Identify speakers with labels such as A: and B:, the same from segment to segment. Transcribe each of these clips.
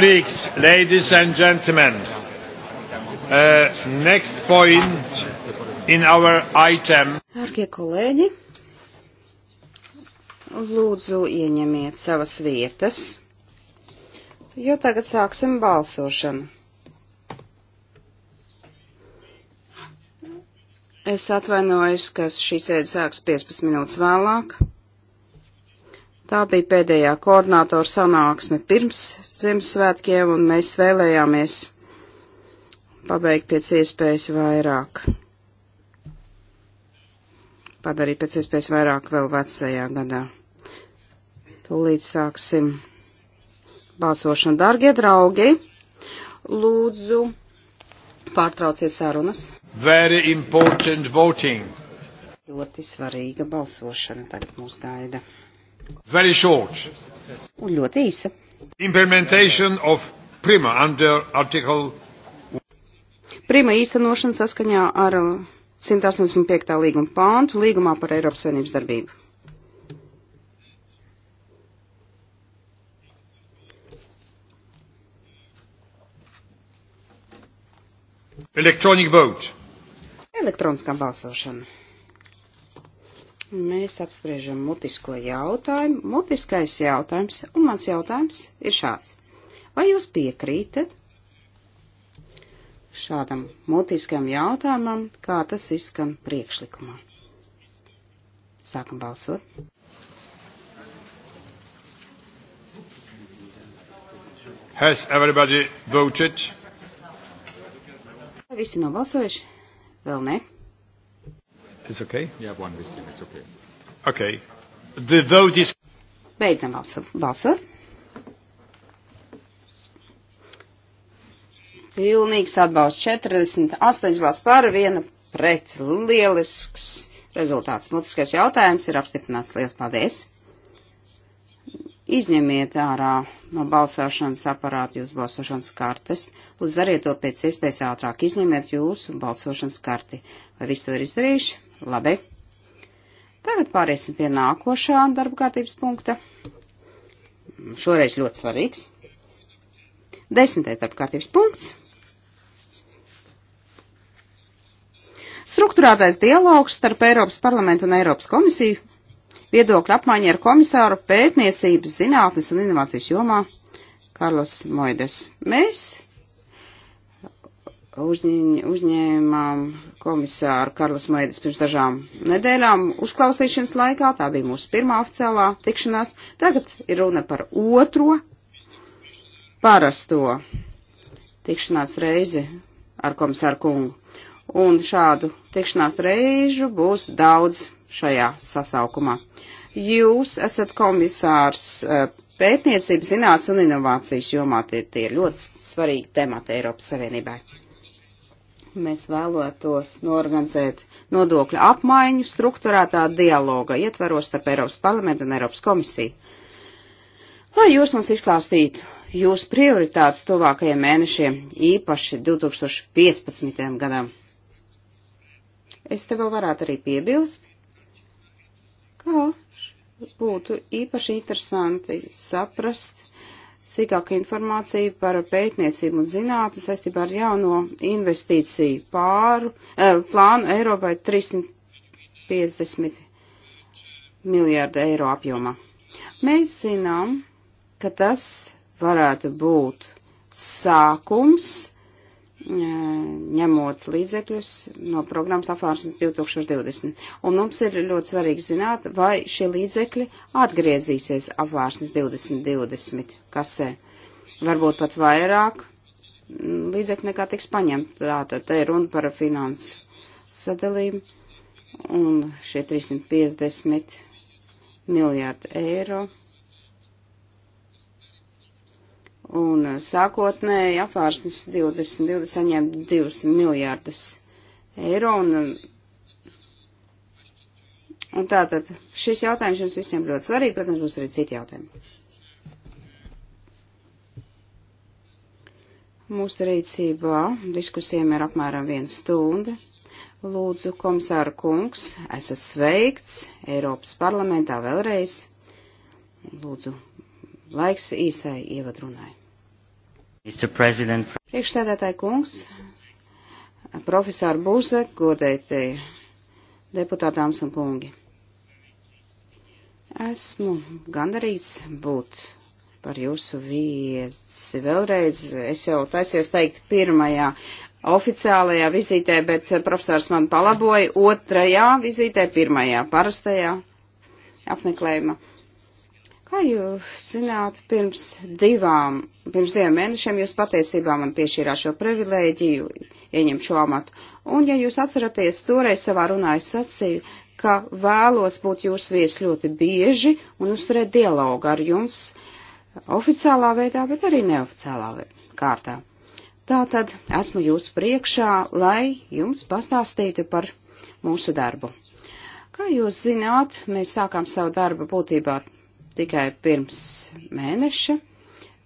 A: colleagues, ladies and gentlemen, uh,
B: next point in our
C: item. Dārgie kolēģi, lūdzu ieņemiet savas vietas, jo tagad sāksim balsošanu. Es atvainojos, ka šī sēde sāks 15 minūtes vēlāk. Tā bija pēdējā koordinātora sanāksme pirms Ziemassvētkiem, un mēs vēlējāmies pabeigt pēc iespējas vairāk. Padarīt pēc iespējas vairāk vēl vecajā gadā. Tūlīt sāksim balsošanu. Dargie draugi, lūdzu, pārtrauciet sarunas.
A: Very important voting.
C: Ļoti svarīga balsošana tagad mūs gaida.
A: Very short.
C: Un ļoti īsa. Implementation of prima under article. Prima īstenošana saskaņā ar 185. līguma pāntu līgumā par Eiropas Savienības darbību. Electronic vote. Elektroniskā balsošana. Mēs apspriežam mutisko jautājumu. Mutiskais jautājums, un mans jautājums ir šāds. Vai jūs piekrītat šādam mutiskam jautājumam, kā tas izskan priekšlikumā? Sākam balsot. Has everybody voted? Visi nobalsojuši? Vēl ne. It's okay?
A: You have one with you, it's okay.
C: Okay. The vote is... Beidzam balsot. balsot. Pilnīgs atbalsts 48 balss par, viena pret. Lielisks rezultāts. Mutiskais jautājums ir apstiprināts. Lielas paldies! Izņemiet ārā no balsošanas aparāta jūsu balsošanas kartes, lūdzu dariet to pēc iespējas ātrāk, izņemiet jūsu balsošanas karti. Vai visu to ir izdarījuši? Labi. Tagad pāriesim pie nākošā darba kārtības punkta. Šoreiz ļoti svarīgs. Desmitais darba kārtības punkts. Struktūrātais dialogs starp Eiropas parlamentu un Eiropas komisiju. Viedokļa apmaiņa ar komisāru pētniecības, zinātnes un inovācijas jomā Karlos Moides. Mēs uzņēm, uzņēmām komisāru Karlas Maidas pirms dažām nedēļām uzklausīšanas laikā. Tā bija mūsu pirmā oficiālā tikšanās. Tagad ir runa par otro parasto tikšanās reizi ar komisāru kungu. Un šādu tikšanās reižu būs daudz šajā sasaukumā. Jūs esat komisārs eh, pētniecības, zinātnes un inovācijas jomā. Tie, tie ir ļoti svarīgi temati Eiropas Savienībai mēs vēlētos norganizēt nodokļu apmaiņu struktūrētā dialoga ietvaros starp Eiropas parlamentu un Eiropas komisiju. Lai jūs mums izklāstītu jūsu prioritātes tuvākajiem mēnešiem, īpaši 2015. gadam. Es te vēl varētu arī piebilst, ka būtu īpaši interesanti saprast, sīkāka informācija par pētniecību un zinātni saistībā ar jauno investīciju pāru, eh, plānu Eiropai 350 miljārdu eiro apjomā. Mēs zinām, ka tas varētu būt sākums ņemot līdzekļus no programmas apvārsnes 2020. Un mums ir ļoti svarīgi zināt, vai šie līdzekļi atgriezīsies apvārsnes 2020 kasē. Varbūt pat vairāk līdzekļu nekā tiks paņemt. Tātad te ir runa par finansu sadalījumu un šie 350 miljārdi eiro Un sākotnēji apvārsnes 2020 saņem 2 miljārdus eiro. Un, un tātad šis jautājums jums visiem ļoti svarīgi, protams, būs arī citi jautājumi. Mūsu rīcībā diskusijām ir apmēram viena stunda. Lūdzu, komisāra kungs, esat sveikts Eiropas parlamentā vēlreiz. Lūdzu, laiks īsai ievadrunai.
A: Priekšstādātāji
C: kungs, profesori Būze, godētie deputātāms un kungi. Esmu gandarīts būt par jūsu viesi. Vēlreiz es jau taisies teikt pirmajā oficiālajā vizītē, bet profesors man palaboja otrajā vizītē, pirmajā parastajā apmeklējumā. Kā jūs zināt, pirms divām, pirms diviem mēnešiem jūs patiesībā man piešķīrāt šo privilēģiju, ieņemt šo amatu. Un, ja jūs atceraties, toreiz savā runā es sacīju, ka vēlos būt jūsu viesis ļoti bieži un uzturēt dialogu ar jums oficiālā veidā, bet arī neoficiālā kārtā. Tātad esmu jūsu priekšā, lai jums pastāstītu par mūsu darbu. Kā jūs zināt, mēs sākām savu darbu būtībā tikai pirms mēneša,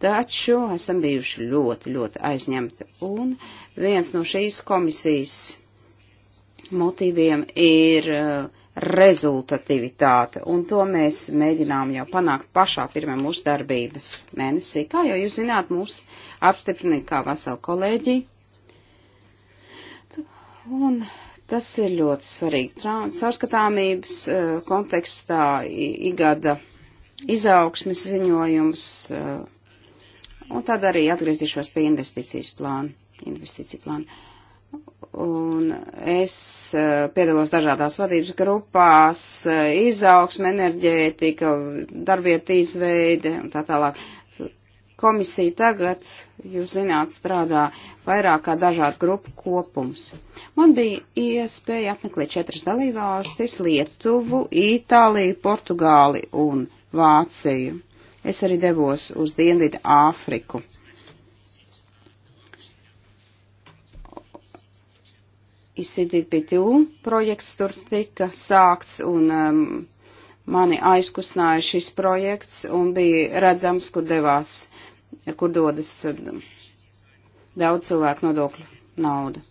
C: taču esam bijuši ļoti, ļoti aizņemti. Un viens no šīs komisijas motīviem ir uh, rezultativitāte, un to mēs mēģinām jau panākt pašā pirmā mūsu darbības mēnesī. Kā jau jūs zināt, mūs apstiprināja kā veselu kolēģi, un tas ir ļoti svarīgi. Caurskatāmības uh, kontekstā igada. I- izaugsmes ziņojums, eh, un tad arī atgriezīšos pie investīcijas plāna, investīciju plāna. Un es eh, piedalos dažādās vadības grupās, eh, izaugsme, enerģētika, darbieta izveide un tā tālāk. Komisija tagad, jūs zināt, strādā vairāk kā dažādu grupu kopums. Man bija iespēja apmeklēt četras dalībvalstis - Lietuvu, Itāliju, Portugāli un Vāciju. Es arī devos uz Dienvidu Āfriku. ICDP2 projekts tur tika sākts un um, mani aizkustināja šis projekts un bija redzams, kur devās, kur dodas um, daudz cilvēku nodokļu nauda.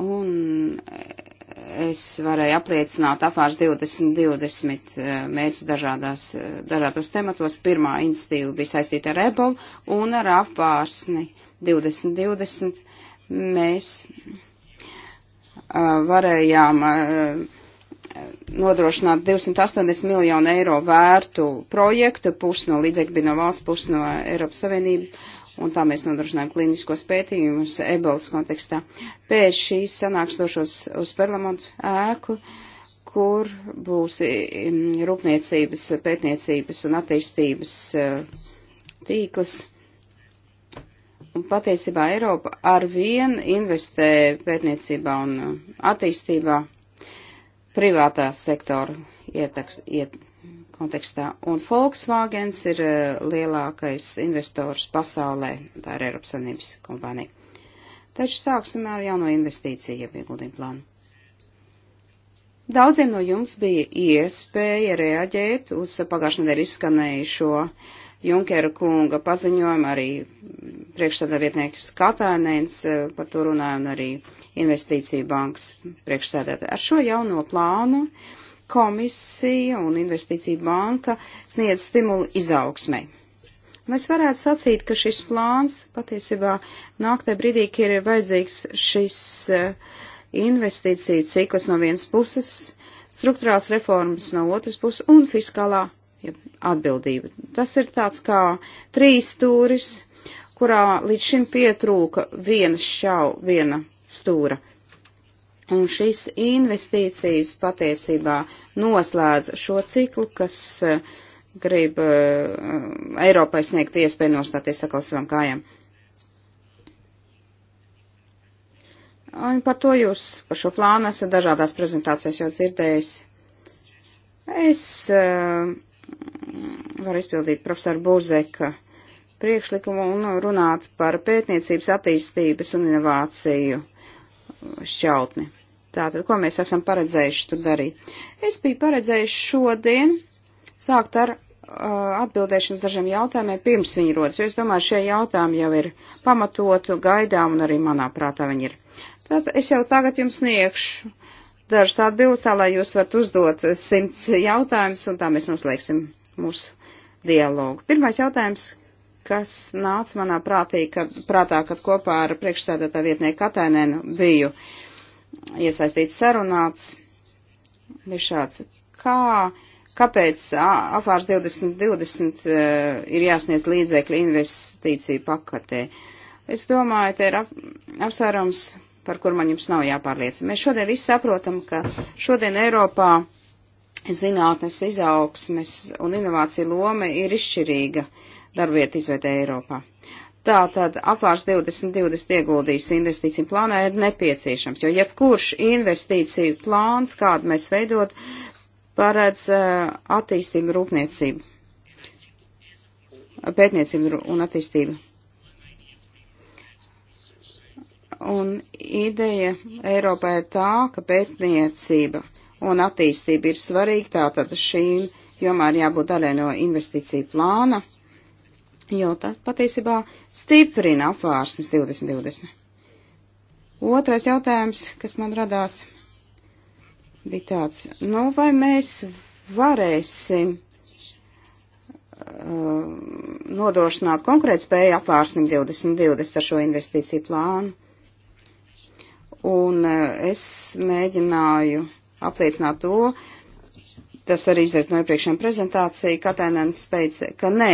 C: Un es varēju apliecināt afārs 2020 eh, mērķus dažādās, eh, dažādos tematos. Pirmā institīva bija saistīta ar ebolu un ar afārsni 2020 mēs eh, varējām nodrošināt 280 miljonu eiro vērtu projektu, pusi no līdzekļu bija no valsts, pusi no Eiropas Savienības un tā mēs nodrošinājām klīniskos pētījumus ebolas kontekstā. Pēc šīs sanāksdošos uz parlamentu ēku, kur būs mm, rūpniecības, pētniecības un attīstības eh, tīkls. Un patiesībā Eiropa ar vienu investē pētniecībā un attīstībā privātā sektora ietekmē. Iet kontekstā. Un Volkswagens ir eh, lielākais investors pasaulē, tā ir Eiropas Savienības kompānija. Taču sāksim ar jauno investīciju ieguldījumu plānu. Daudziem no jums bija iespēja reaģēt uz pagājušā nedēļa izskanējušo Junkera kunga paziņojumu, arī priekšstādā vietnieks Katainēns eh, par to runāja un arī investīciju bankas priekšstādātāja. Ar šo jauno plānu uh, komisija un investīcija banka sniedz stimulu izaugsmai. Un es varētu sacīt, ka šis plāns patiesībā nāk tajā brīdī, kad ir vajadzīgs šis eh, investīcija cikls no vienas puses, struktūrāls reformas no otras puses un fiskālā atbildība. Tas ir tāds kā trīs stūris, kurā līdz šim pietrūka viena šau, viena stūra. Un šīs investīcijas patiesībā noslēdz šo ciklu, kas eh, grib eh, Eiropai sniegt iespēju nostāties atkal savam kājām. Un par to jūs, par šo plānu esat dažādās prezentācijās jau dzirdējis. Es uh, varu izpildīt profesoru Buzeka priekšlikumu un runāt par pētniecības attīstības un inovāciju šķautni. Tātad, ko mēs esam paredzējuši tur darīt? Es biju paredzējuši šodien sākt ar uh, atbildēšanas dažiem jautājumiem pirms viņi rodas, jo es domāju, šie jautājumi jau ir pamatotu, gaidām un arī manā prātā viņi ir. Tad es jau tagad jums sniegšu dažas atbildes, tā lai jūs varat uzdot simts jautājumus un tā mēs noslēgsim mūsu dialogu. Pirmais jautājums kas nāca manā prātī, kad, prātā, kad kopā ar priekšsēdētā vietnieku Katainēnu biju iesaistīts sarunāts. Ir šāds, kā, kāpēc afārs 2020 uh, e, ir jāsniedz līdzekļi investīciju pakatē? Es domāju, te ir ap, apsvērums, par kur man jums nav jāpārliecina. Mēs šodien visi saprotam, ka šodien Eiropā zinātnes izaugsmes un inovācija loma ir izšķirīga darbvietu izvedē Eiropā. Tātad apvārs 2020 ieguldījis investīciju plānā ir nepieciešams, jo jebkurš investīciju plāns, kādu mēs veidot, paredz uh, attīstību rūpniecību, pētniecību un attīstību. Un ideja Eiropā ir tā, ka pētniecība un attīstība ir svarīga, tātad šīm jomā ir jābūt daļai no investīciju plāna, jo tad patiesībā stiprina apvārsnes 2020. Otrais jautājums, kas man radās, bija tāds, nu vai mēs varēsim uh, nodrošināt konkurētspēju apvārsnim 2020 ar šo investīciju plānu. Un uh, es mēģināju uh, apliecināt to, tas arī izdarīt no iepriekšējām prezentāciju, Katēnēns teica, ka nē,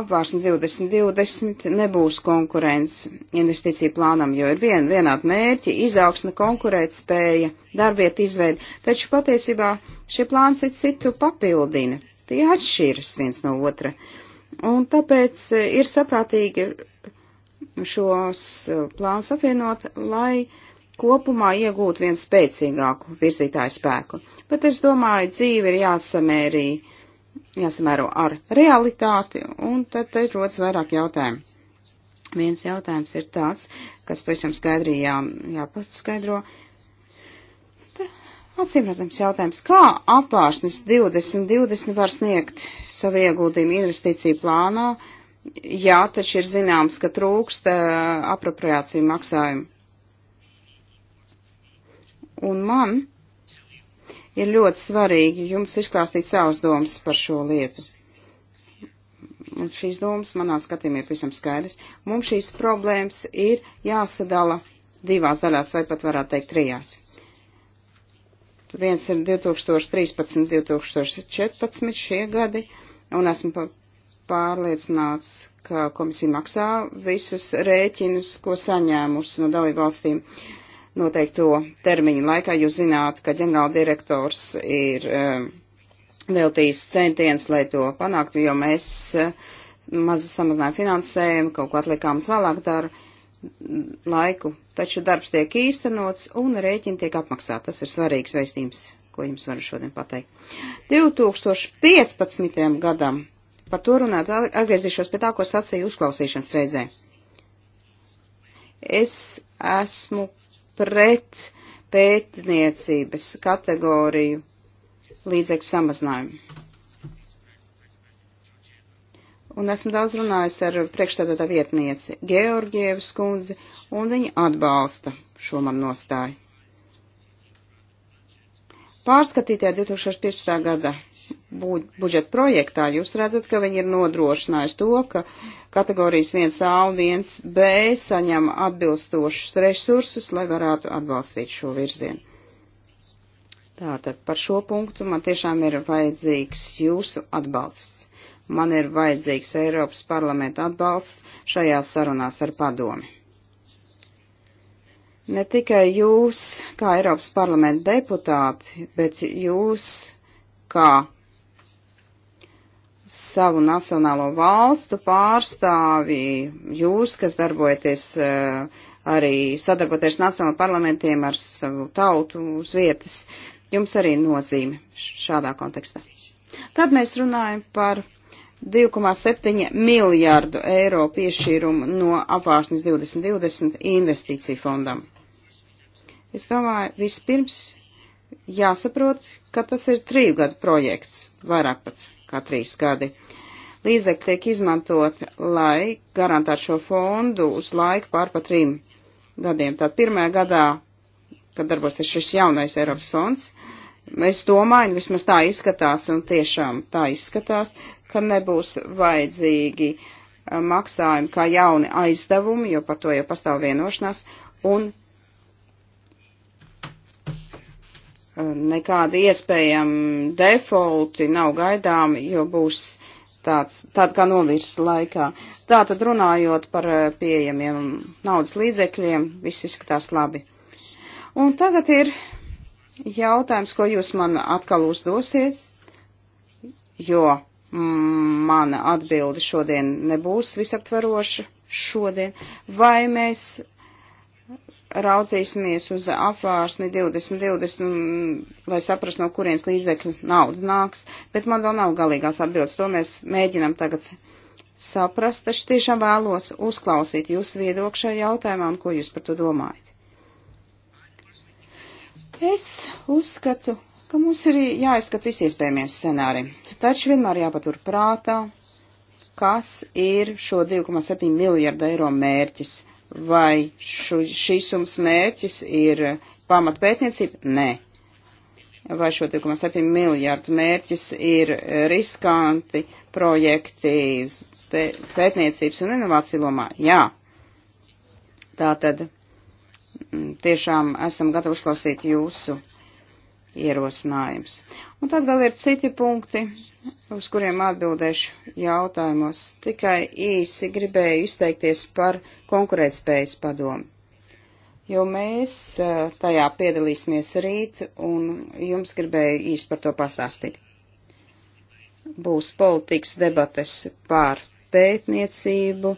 C: apvārsni 2020 nebūs konkurence investīciju plānam, jo ir vien, vienādi mērķi, izaugsme, konkurēt spēja, darbiet izveidi, taču patiesībā šie plāns ir citu papildina, tie atšķiras viens no otra. Un tāpēc eh, ir saprātīgi šos eh, plānus apvienot, lai uh, kopumā iegūt viens spēcīgāku virzītāju spēku. Bet es domāju, dzīve ir jāsamērī, jāsamēro ar realitāti, un tad te rodas vairāk jautājumu. Viens jautājums ir tāds, kas pavisam skaidri jā, jāpaskaidro. Acīmredzams jautājums, kā apvārsnes 2020 var sniegt savu ieguldījumu investīciju plānā, jā, taču ir zināms, ka trūkst eh, apropriāciju maksājumu un man ir ļoti svarīgi jums izklāstīt savas domas par šo lietu. Un šīs domas manā skatījumā ir visam skaidrs. Mums šīs problēmas ir jāsadala divās daļās, vai pat varētu teikt trijās. Tur viens ir 2013, 2014 šie gadi, un esmu pārliecināts, ka komisija maksā visus rēķinus, ko saņēmusi no dalību valstīm. Uh, noteikto termiņu laikā. Jūs zināt, ka ģenerāldirektors ir eh, veltījis centiens, lai to panāktu, jo mēs eh, maz samazinājām finansējumu, kaut ko atliekām uz vēlāk daru laiku, taču darbs tiek īstenots un rēķini tiek apmaksāti. Tas ir svarīgs veistījums, ko jums varu šodien pateikt. 2015. gadam par to runāt, atgriezīšos pie tā, ko sacīju uzklausīšanas reizē. Es esmu pret pētniecības kategoriju līdzekļu samazinājumu. Un esmu daudz runājis ar priekšstādātā vietnieci Georgievas kundzi, un viņa atbalsta šo man nostāju. Pārskatītajā 2015. gada budžeta projektā, jūs redzat, ka viņi ir nodrošinājuši to, ka kategorijas 1A un 1B saņem atbilstošus resursus, lai varētu atbalstīt šo virzienu. Tātad par šo punktu man tiešām ir vajadzīgs jūsu atbalsts. Man ir vajadzīgs Eiropas parlamenta atbalsts šajās sarunās ar padomi. Ne tikai jūs, kā Eiropas parlamenta deputāti, bet jūs, kā savu nacionālo valstu pārstāvji, jūs, kas darbojaties eh, arī sadarboties nacionālajiem parlamentiem ar savu tautu uz vietas, jums arī nozīme šādā kontekstā. Tad mēs runājam par 2,7 miljārdu eiro piešķīrumu no apvārsnes 2020 investīciju fondam. Es domāju, vispirms jāsaprot, ka tas ir trīgadu projekts, vairāk pat kā trīs gadi. Līdzekļi tiek izmantot, lai garantētu šo fondu uz laiku pār pa trim gadiem. Tad pirmajā gadā, kad darbosies šis jaunais Eiropas fonds, es domāju, nu, vismaz tā izskatās, un tiešām tā izskatās, ka nebūs vajadzīgi eh, maksājumi kā jauni aizdevumi, jo par to jau pastāv vienošanās, un nekādi iespējami defaulti nav gaidāmi, jo būs tāds, tāda kā novirs laikā. Tātad runājot par eh, pieejamiem naudas līdzekļiem, viss izskatās labi. Un tagad ir jautājums, ko jūs man atkal uzdosiet, jo mm, mana atbilde šodien nebūs visaptveroša šodien, vai mēs raudzīsimies uz apvārsni 2020, mm, lai saprastu, no kurienes līdzekļu nauda nāks, bet man vēl nav galīgās atbildes. To mēs mēģinam tagad saprast, taču tiešām vēlos uzklausīt jūsu viedokli šajā jautājumā un ko jūs par to domājat. Es uzskatu, ka mums ir jāizskat visi iespējamie scenāri, taču vienmēr jāpatur prātā, kas ir šo 2,7 miljardu eiro mērķis Vai šu, šīs summas mērķis ir pamatpētniecība? Nē. Vai šo 2,7 miljārdu mērķis ir riskanti projekti pētniecības un inovāciju lomā? Jā. Tātad tiešām esam gatavi uzklausīt jūsu ierosinājums. Un tad vēl ir citi punkti, uz kuriem atbildēšu jautājumos. Tikai īsi gribēju izteikties par konkurētspējas padomu. Jo mēs tajā piedalīsimies rīt, un jums gribēju īsti par to pastāstīt. Būs politikas debates pār pētniecību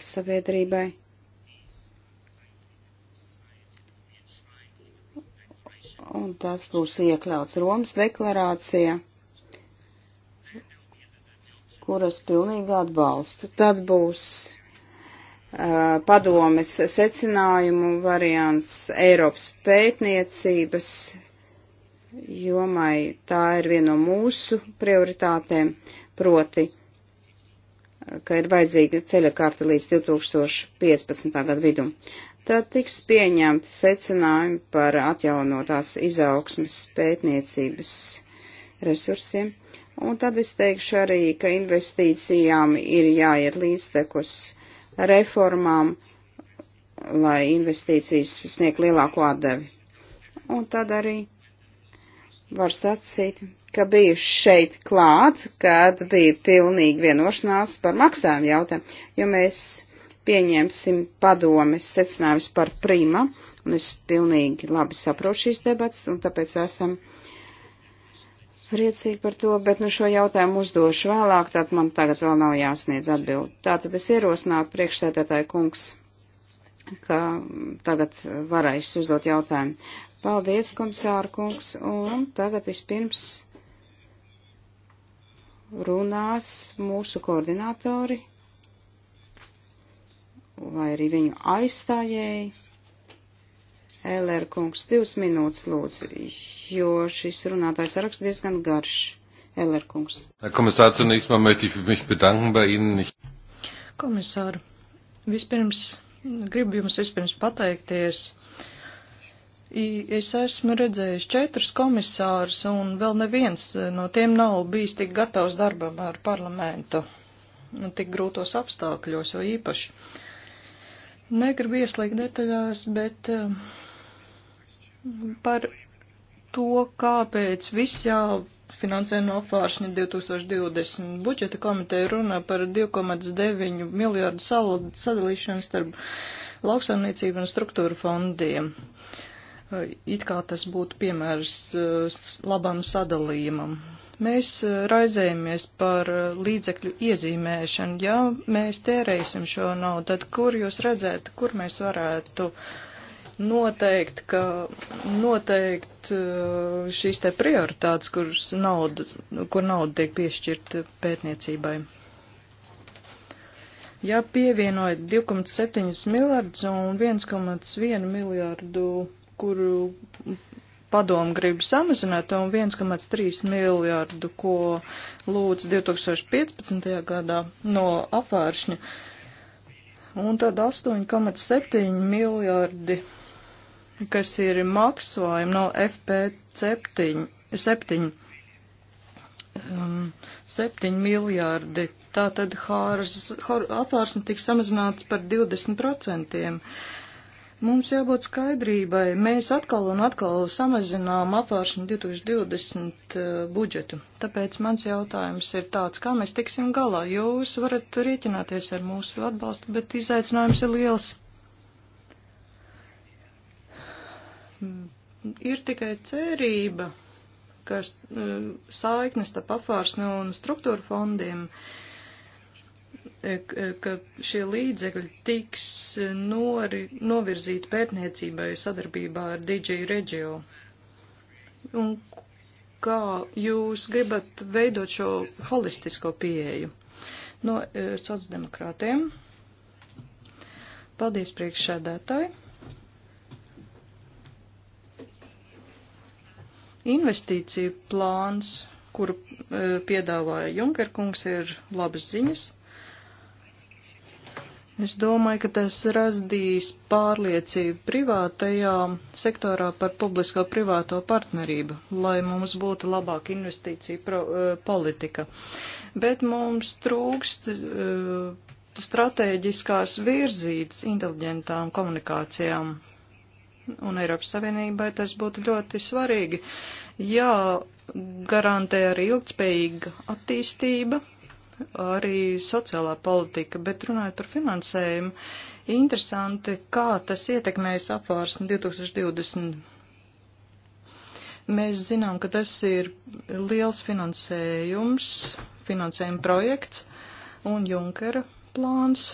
C: sabiedrībai un tas būs iekļauts Romas deklarācijā, kuras pilnīgi atbalstu. Tad būs uh, padomes secinājumu variants Eiropas pētniecības jomai. Tā ir viena no mūsu prioritātēm, proti, ka ir vajadzīga ceļa karta līdz 2015. gadu vidum tad tiks pieņemti secinājumi par atjaunotās izaugsmes pētniecības resursiem. Un tad es teikšu arī, ka investīcijām ir jāiet līdztekus reformām, lai investīcijas sniegt lielāku atdevi. Un tad arī var sacīt, ka biju šeit klāt, kad bija pilnīgi vienošanās par maksājumu jautājumu, jo mēs pieņemsim padomes secinājumus par prima, un es pilnīgi labi saprotu šīs debats, un tāpēc esam priecīgi par to, bet nu šo jautājumu uzdošu vēlāk, tad man tagad vēl nav jāsniedz atbildi. Tātad es ierosinātu priekšsēdētāju kungs, ka tagad varēs uzdot jautājumu. Paldies, komisāra kungs, un tagad vispirms runās mūsu koordinātori vai arī viņu aizstājēji. Elēra kungs, divas minūtes lūdzu, jo šis runātājs raksts diezgan garš.
A: Elēra kungs.
B: Komisār, zunīgs, man mētī mich bedanken bei Ihnen.
A: Komisār, vispirms, gribu jums vispirms pateikties. Es esmu redzējis četrus komisārus, un vēl neviens no tiem nav bijis tik gatavs darbam ar parlamentu, tik grūtos apstākļos, jo īpaši. Uh, Negribu ieslīgt detaļās, bet eh, par to, kāpēc viss jāfinansē no apvāršņa 2020. Budžeta komiteja runā par 2,9 miljārdu sadalīšanu starp lauksaimniecību un struktūra fondiem. Uh, Eh, it kā tas būtu piemērs eh, labam sadalījumam. Mēs eh, raizējamies par līdzekļu iezīmēšanu. Ja mēs tērēsim šo naudu, tad kur jūs redzētu, kur mēs varētu noteikt, ka noteikt šīs te prioritātes, kuras naudu, kur nauda tiek piešķirta pētniecībai? Ja pievienojat 2,7 miljardus un 1,1 miljardu kuru padomu grib samazināt, un 1,3 miljārdu, ko lūdz 2015. gadā no apvēršņa, un tad 8,7 miljārdi, kas ir maksājumi no FP7, 7, 7 miljārdi. Tātad apvārsne tiks samazināts par 20%. Mums jābūt skaidrībai. Mēs atkal un atkal samazinām apvāršanu 2020 eh, budžetu. Tāpēc mans jautājums ir tāds, kā mēs tiksim galā. Jūs varat rieķināties ar mūsu atbalstu, bet izaicinājums ir liels. Ir tikai cerība, ka eh, saiknes starp apvārsni un struktūra fondiem uh, E, e, ka šie līdzekļi tiks nori, novirzīti pētniecībai sadarbībā ar DJ Regio. Un kā jūs gribat veidot šo holistisko pieeju no e, sociāldemokrātiem? Paldies priekšsēdētāji. Investīcija plāns, kuru piedāvāja Junkerkungs, ir labas ziņas Es domāju, ka tas radīs pārliecību privātajā sektorā par publisko-privāto partnerību, lai mums būtu labāka investīcija pro, e, politika. Bet mums trūkst uh, e, stratēģiskās virzītas inteliģentām komunikācijām. Un Eiropas Savienībai tas būtu ļoti svarīgi. Jā, garantē arī ilgspējīga attīstība, arī sociālā politika, bet runājot par finansējumu, interesanti, kā tas ietekmējas apvārsni 2020. Mēs zinām, ka tas ir liels finansējums, finansējuma projekts un Junkera plāns.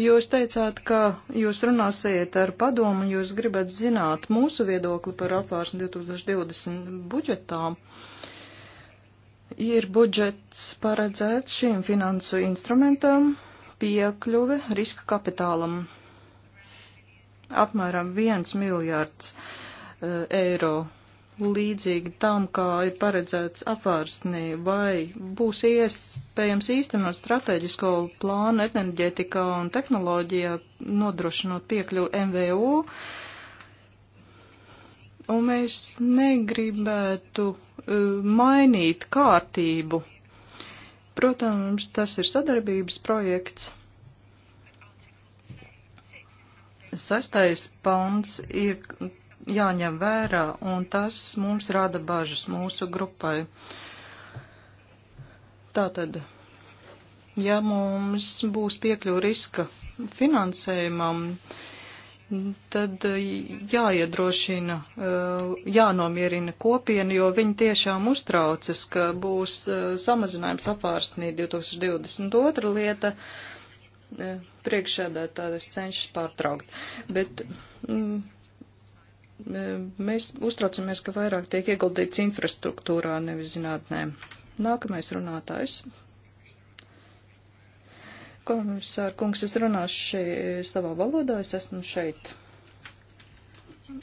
A: Jūs teicāt, ka jūs runāsiet ar padomu, jūs gribat zināt mūsu viedokli par apvārsni 2020 budžetām ir budžets paredzēts šīm finansu instrumentam piekļuve riska kapitālam. Apmēram 1 miljārds e, eiro līdzīgi tam, kā ir paredzēts apvārsnī, vai būs iespējams īstenot strateģisko plānu enerģētikā un tehnoloģijā, nodrošinot piekļuvu MVU un mēs negribētu e, mainīt kārtību. Protams, tas ir sadarbības projekts. Sastais pants ir jāņem vērā, un tas mums rada bažas mūsu grupai. Tātad, ja mums būs piekļu riska finansējumam, uh, tad eh, jāiedrošina, eh, jānomierina kopiena, jo viņi tiešām uztraucas, ka būs eh, samazinājums apvārsnī 2022 lieta. Priekšēdētājs cenšas pārtraukt. Bet m, mm, mēs uztraucamies, ka vairāk tiek ieguldīts infrastruktūrā, nevis zinātnē. Nākamais runātājs komisāra kungs, es runāšu šī, savā valodā, es esmu šeit.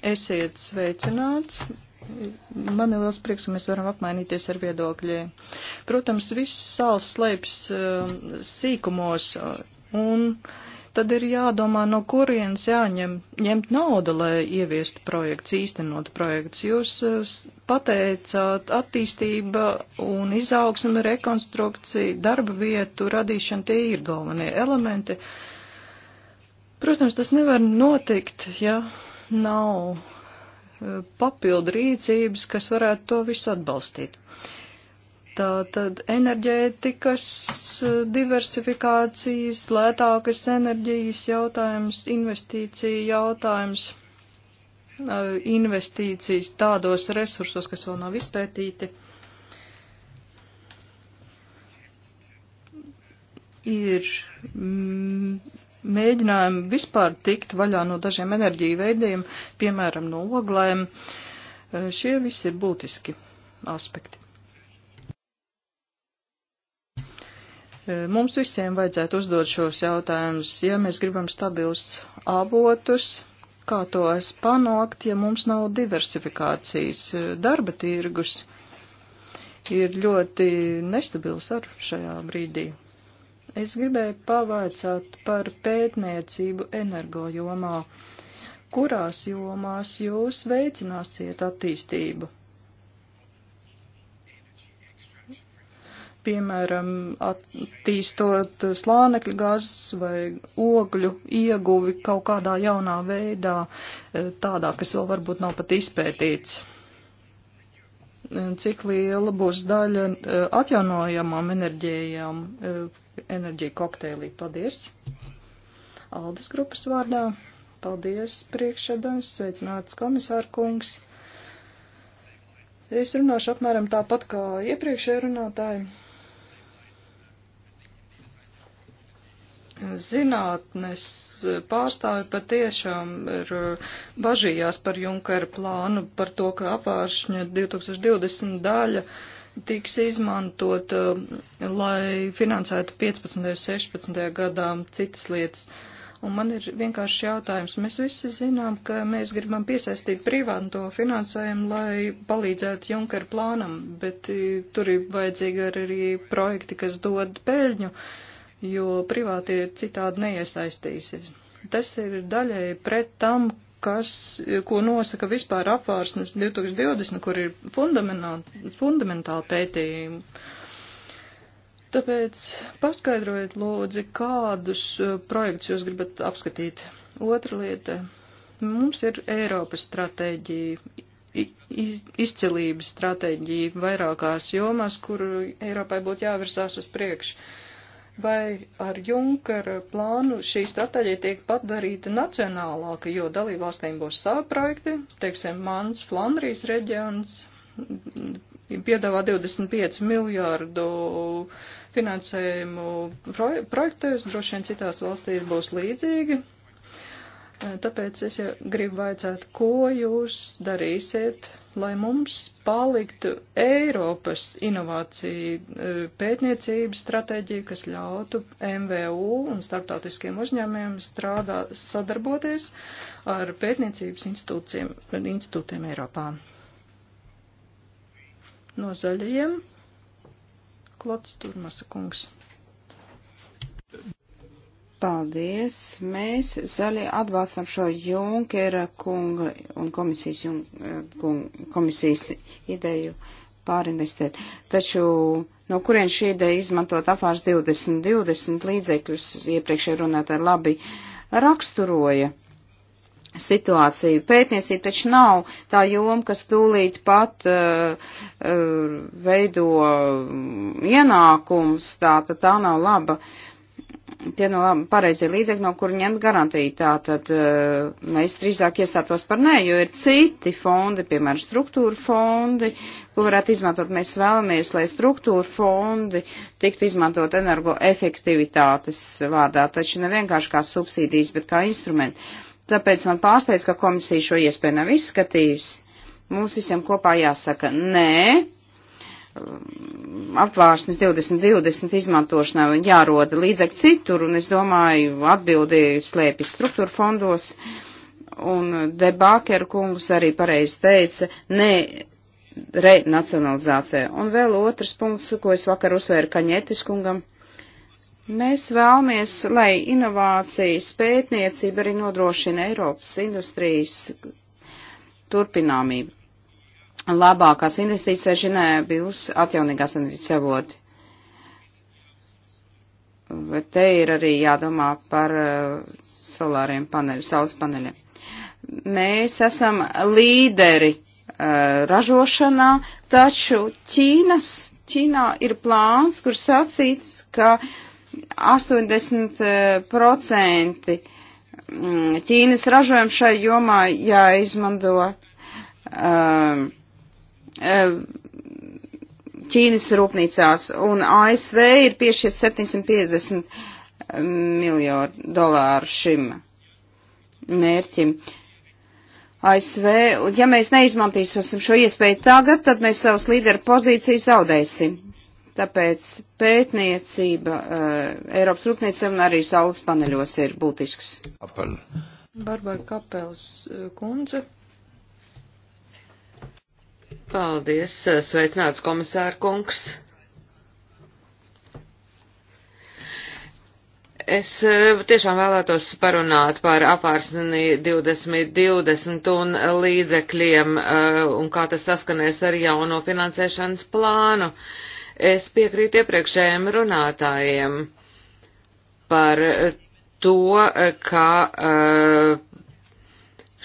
A: Esiet sveicināts. Man ir liels prieks, ka mēs varam apmainīties ar viedokļiem. Protams, viss sāls slēpjas uh, sīkumos un uh, tad ir jādomā, no kurienes jāņem ņemt nauda, lai ieviestu projekts, īstenot projekts. Jūs eh, pateicāt, attīstība un izaugsme, rekonstrukcija, darba vietu radīšana, tie ir galvenie elementi. Protams, tas nevar notikt, ja nav eh, papildu rīcības, kas varētu to visu atbalstīt. Uh, Tātad enerģētikas eh, diversifikācijas, lētākas enerģijas jautājums, investīcija jautājums, eh, investīcijas tādos resursos, kas vēl nav izpētīti. Ir mm, mēģinājumi vispār tikt vaļā no dažiem enerģiju veidiem, piemēram, no oglēm. Eh, šie visi ir būtiski aspekti. Mums visiem vajadzētu uzdot šos jautājumus, ja mēs gribam stabilus avotus, kā to es panākt, ja mums nav diversifikācijas. Darba tirgus ir ļoti nestabils ar šajā brīdī. Es gribēju pavaicāt par pētniecību energo jomā. Kurās jomās jūs veicināsiet attīstību? piemēram, attīstot slānekļa gazes vai ogļu ieguvi kaut kādā jaunā veidā, e, tādā, kas vēl varbūt nav pat izpētīts. E, cik liela būs daļa e, atjaunojamām enerģijām, enerģija kokteilī? Paldies! Aldas grupas vārdā. Paldies, priekšsēdājums, sveicināts komisārkungs. Es runāšu apmēram tāpat kā iepriekšēja runātāja. zinātnes pārstāvi patiešām ir eh, bažījās par Junkera plānu, par to, ka apvāršņa 2020 daļa tiks izmantot, eh, lai finansētu 15. un 16. gadām citas lietas. Un man ir vienkārši jautājums. Mēs visi zinām, ka mēs gribam piesaistīt privāto finansējumu, lai palīdzētu Junker plānam, bet eh, tur ir vajadzīgi arī projekti, kas dod peļņu. Uh, jo privāti ir citādi neiesaistīsies. Tas ir daļai pret tam, kas, ko nosaka vispār apvārsnes 2020, kur ir fundamentāli pētījumi. Tāpēc paskaidrojiet lūdzi, kādus uh, projektus jūs gribat apskatīt. Otra lieta. Mums ir Eiropas stratēģija, izcilības stratēģija vairākās jomās, kur Eiropai būtu jāvirsās uz priekšu vai ar Junkara plānu šī stratēģija tiek padarīta nacionālāka, jo dalībvalstīm būs savi projekti, teiksim, mans Flandrijas reģions piedāvā 25 miljārdu finansējumu projektos, droši vien citās valstīs būs līdzīgi, Eh, tāpēc es jau gribu vajadzēt, ko jūs darīsiet, lai mums paliktu Eiropas inovācija eh, pētniecības stratēģija, kas ļautu MVU un starptautiskiem uzņēmiem strādā, sadarboties ar pētniecības institūtiem, institūtiem Eiropā. No zaļajiem. Klots Turmasa kungs. Paldies! Mēs zaļie atbalstam šo
C: Junkera kunga un komisijas, jun, eh, kunga, komisijas ideju pārinvestēt. Taču no kurien šī ideja izmantot afārs 2020 līdzekļus iepriekšēji runātāji labi raksturoja situāciju. Pētniecība taču nav tā joma, kas tūlīt pat uh, uh, veido mm, ienākums, tā, tā nav laba uh, tie no pareizie līdzekļi, no kur ņemt garantiju. Tātad eh, mēs drīzāk iestātos par nē, jo ir citi fondi, piemēram, struktūra fondi, ko varētu izmantot. Mēs vēlamies, lai struktūra fondi tiktu izmantot energoefektivitātes vārdā, taču ne vienkārši kā subsīdijas, bet kā instrumenti. Tāpēc man pārsteidz, ka komisija šo iespēju nav izskatījusi. Mums visiem kopā jāsaka nē, Um, apvārsnes 2020 izmantošanai un jāroda līdzekļi citur, un es domāju, atbildi slēpjas struktūra fondos, un debākeru kungs arī pareizi teica, ne renacionalizācija. Un vēl otrs punkts, ko es vakar uzsvēru Kaņetis kungam. Mēs vēlamies, lai inovācijas pētniecība arī nodrošina Eiropas industrijas turpināmību labākās investīcijas žinēja būs atjaunīgās enerģijas avoti. Bet te ir arī jādomā par uh, solāriem paneļiem, saules paneļiem. Mēs esam līderi uh, ražošanā, taču Ķīnas, Ķīnā ir plāns, kur sacīts, ka 80% uh, mm, Ķīnas ražojumu šai jomā jāizmanto. Um, Eh, Ķīnas rūpnīcās, un ASV ir piešķirt 750 eh, miljardu dolāru šim mērķim. ASV, un ja mēs neizmantīsim šo iespēju tagad, tad mēs savus līderu pozīciju zaudēsim. Tāpēc pētniecība uh, Eiropas rūpniecēm un arī saules paneļos ir būtisks. Apel.
A: Barbara Kapels kundze, Paldies,
B: sveicināts komisārkungs. es eh, tiešām vēlētos parunāt par apārsni 2020 un līdzekļiem eh, un kā tas saskanēs ar jauno finansēšanas plānu. Es piekrītu iepriekšējiem runātājiem par to, eh, ka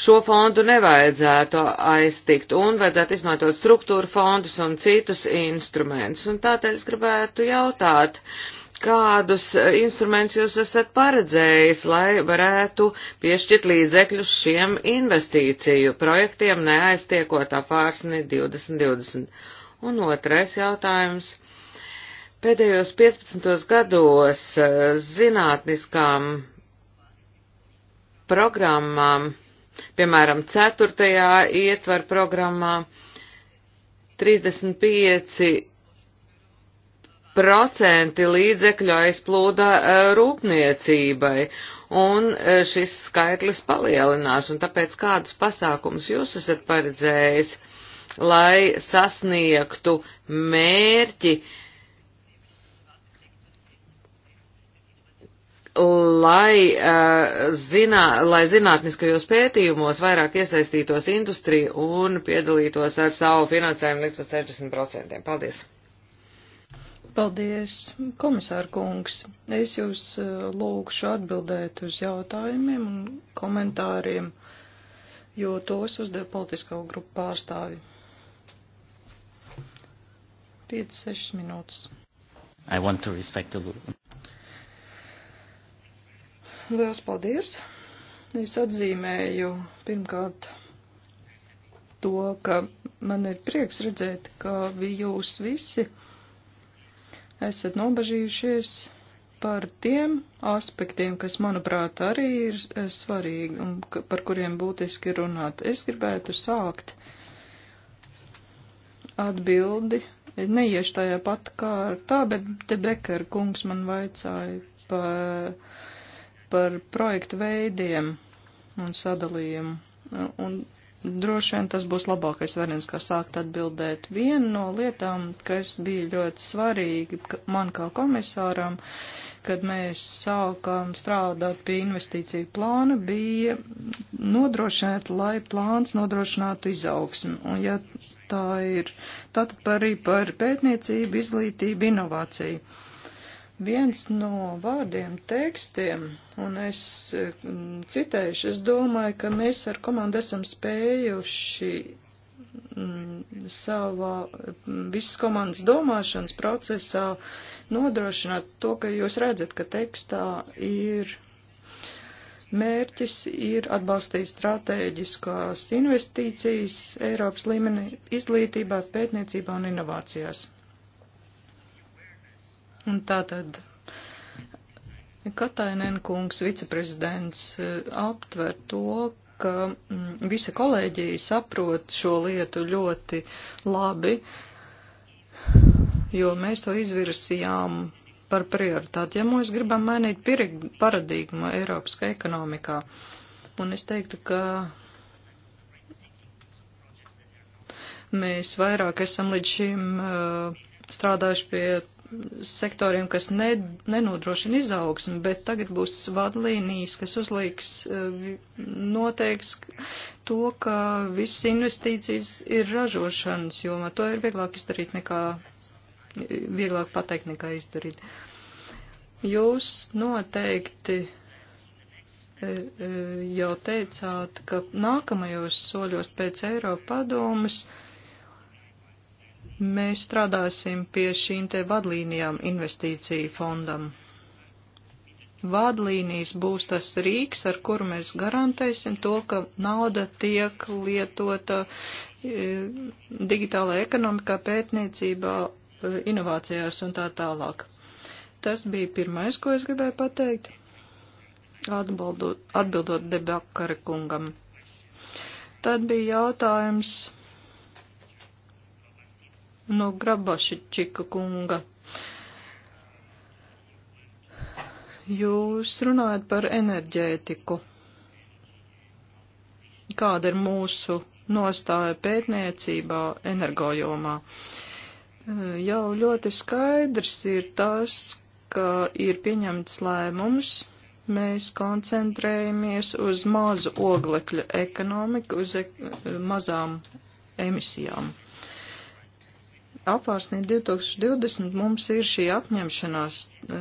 B: šo fondu nevajadzētu aiztikt un vajadzētu izmantot struktūra fondus un citus instrumentus. Un tādēļ es gribētu jautāt, kādus instrumentus jūs esat paredzējis, lai varētu piešķirt līdzekļus šiem investīciju projektiem, neaiztiekot apvārsni 2020. Un otrais jautājums. Pēdējos 15 gados eh, zinātniskām programmām Piemēram, ceturtajā ietvar programmā 35% līdzekļu aizplūda eh, rūpniecībai, un eh, šis skaitlis palielinās, un tāpēc kādus pasākumus jūs esat paredzējis, lai sasniegtu mērķi, uh, lai, uh, zinā, lai zinātniskajos pētījumos vairāk iesaistītos industrija un piedalītos ar savu finansējumu līdz pat 60%. Paldies!
A: Paldies, komisāra kungs. Es jūs eh, lūgšu atbildēt uz jautājumiem un komentāriem, jo tos uzdeva politiskā grupa pārstāvi. 5-6 minūtes.
C: I want to respect the rule.
A: Lielas paldies! Es atzīmēju pirmkārt to, ka man ir prieks redzēt, ka jūs visi esat nobežījušies par tiem aspektiem, kas, manuprāt, arī ir eh, svarīgi un par kuriem būtiski runāt. Es gribētu sākt atbildi, neiešu tajā pat kārtā, bet te Bekara kungs man vaicāja par par projektu veidiem un sadalījumu. Un droši vien tas būs labākais variants, kā sākt atbildēt. Viena no lietām, kas bija ļoti svarīga man kā komisāram, kad mēs sākām strādāt pie investīciju plāna, bija nodrošināt, lai plāns nodrošinātu izaugsmu. Un ja tā ir, tātad par arī par pētniecību, izglītību, inovāciju. Viens no vārdiem tekstiem, un es mm, citējuši, es domāju, ka mēs ar komandu esam spējuši mm, savā mm, visas komandas domāšanas procesā nodrošināt to, ka jūs redzat, ka tekstā ir mērķis ir atbalstīt strateģiskās investīcijas Eiropas līmenī izglītībā, pētniecībā un inovācijās. Un tātad Katainen kungs, viceprezidents, e, aptver to, ka mm, visa kolēģija saprot šo lietu ļoti labi, jo mēs to izvirsījām par prioritāti. Ja mēs gribam mainīt paradigmu Eiropas ekonomikā, un es teiktu, ka mēs vairāk esam līdz šim e, strādājuši pie sektoriem, kas ne, nenodrošina izaugsmu, bet tagad būs vadlīnijas, kas uzliks, eh, noteiks to, ka viss investīcijas ir ražošanas jomā. To ir vieglāk izdarīt nekā, vieglāk pateikt nekā izdarīt. Jūs noteikti eh, eh, jau teicāt, ka nākamajos soļos pēc Eiropa padomas, uh, Mēs strādāsim pie šīm te vadlīnijām investīciju fondam. Vadlīnijas būs tas rīks, ar kuru mēs garantēsim to, ka nauda tiek lietota e, digitālā ekonomikā, pētniecībā, e, inovācijās un tā tālāk. Tas bija pirmais, ko es gribēju pateikt, atbildot, atbildot debakare kungam. Tad bija jautājums no Grabašičika kunga. Jūs runājat par enerģētiku. Kāda ir mūsu nostāja pētniecībā energojomā? Jau ļoti skaidrs ir tas, ka ir pieņemts lēmums mēs koncentrējamies uz mazu oglekļa ekonomiku, uz ek mazām emisijām apvārsnī 2020 mums ir šī apņemšanās eh,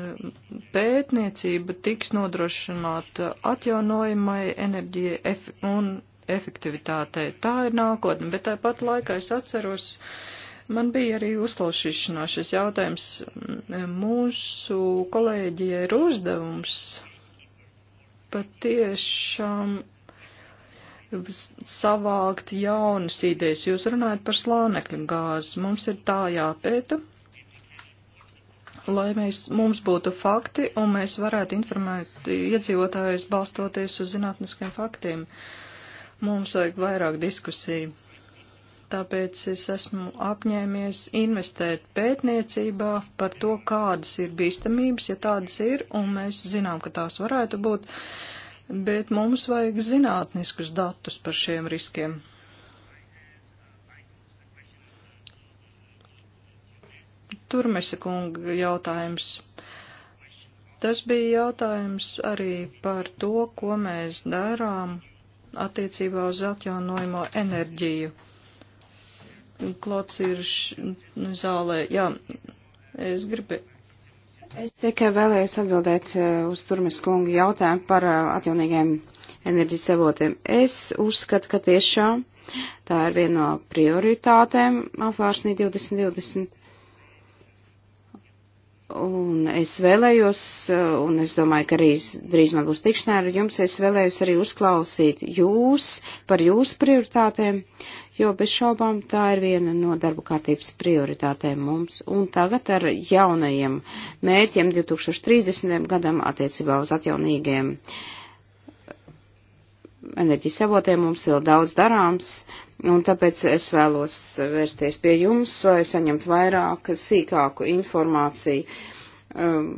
A: pētniecība tiks nodrošināta atjaunojumai enerģijai ef un efektivitātei. Tā ir nākotne, bet tāpat laikā es atceros, man bija arī uzklausīšanā šis jautājums. Mūsu kolēģijai ir uzdevums patiešām savākt jaunas idejas. Jūs runājat par slānekļu gāzi. Mums ir tā jāpēta, lai mēs, mums būtu fakti un mēs varētu informēt iedzīvotājus balstoties uz zinātniskiem faktiem. Mums vajag vairāk diskusiju. Tāpēc es esmu apņēmies investēt pētniecībā par to, kādas ir bīstamības, ja tādas ir, un mēs zinām, ka tās varētu būt. Uh, bet mums vajag zinātniskus datus par šiem riskiem. Turmese kunga jautājums. Tas bija jautājums arī par to, ko mēs darām attiecībā uz atjaunojamo enerģiju. Klots ir š... zālē. Jā, es gribēju. Es tikai vēlējos
C: atbildēt eh, uz Turmes kungu jautājumu par eh, atjaunīgiem enerģijas avotiem. Es uzskatu, ka tiešām tā ir viena no prioritātēm apvārsnī 2020. Un es vēlējos, eh, un es domāju, ka arī drīz man būs tikšanā ar jums, es vēlējos arī uzklausīt jūs par jūsu prioritātēm, jo bez šaubām tā ir viena no darba kārtības prioritātēm mums. Un tagad ar jaunajiem mērķiem 2030. gadam attiecībā uz atjaunīgiem enerģijas avotiem mums vēl daudz darāms, un tāpēc es vēlos vērsties pie jums, lai saņemtu vairāk sīkāku informāciju. Um,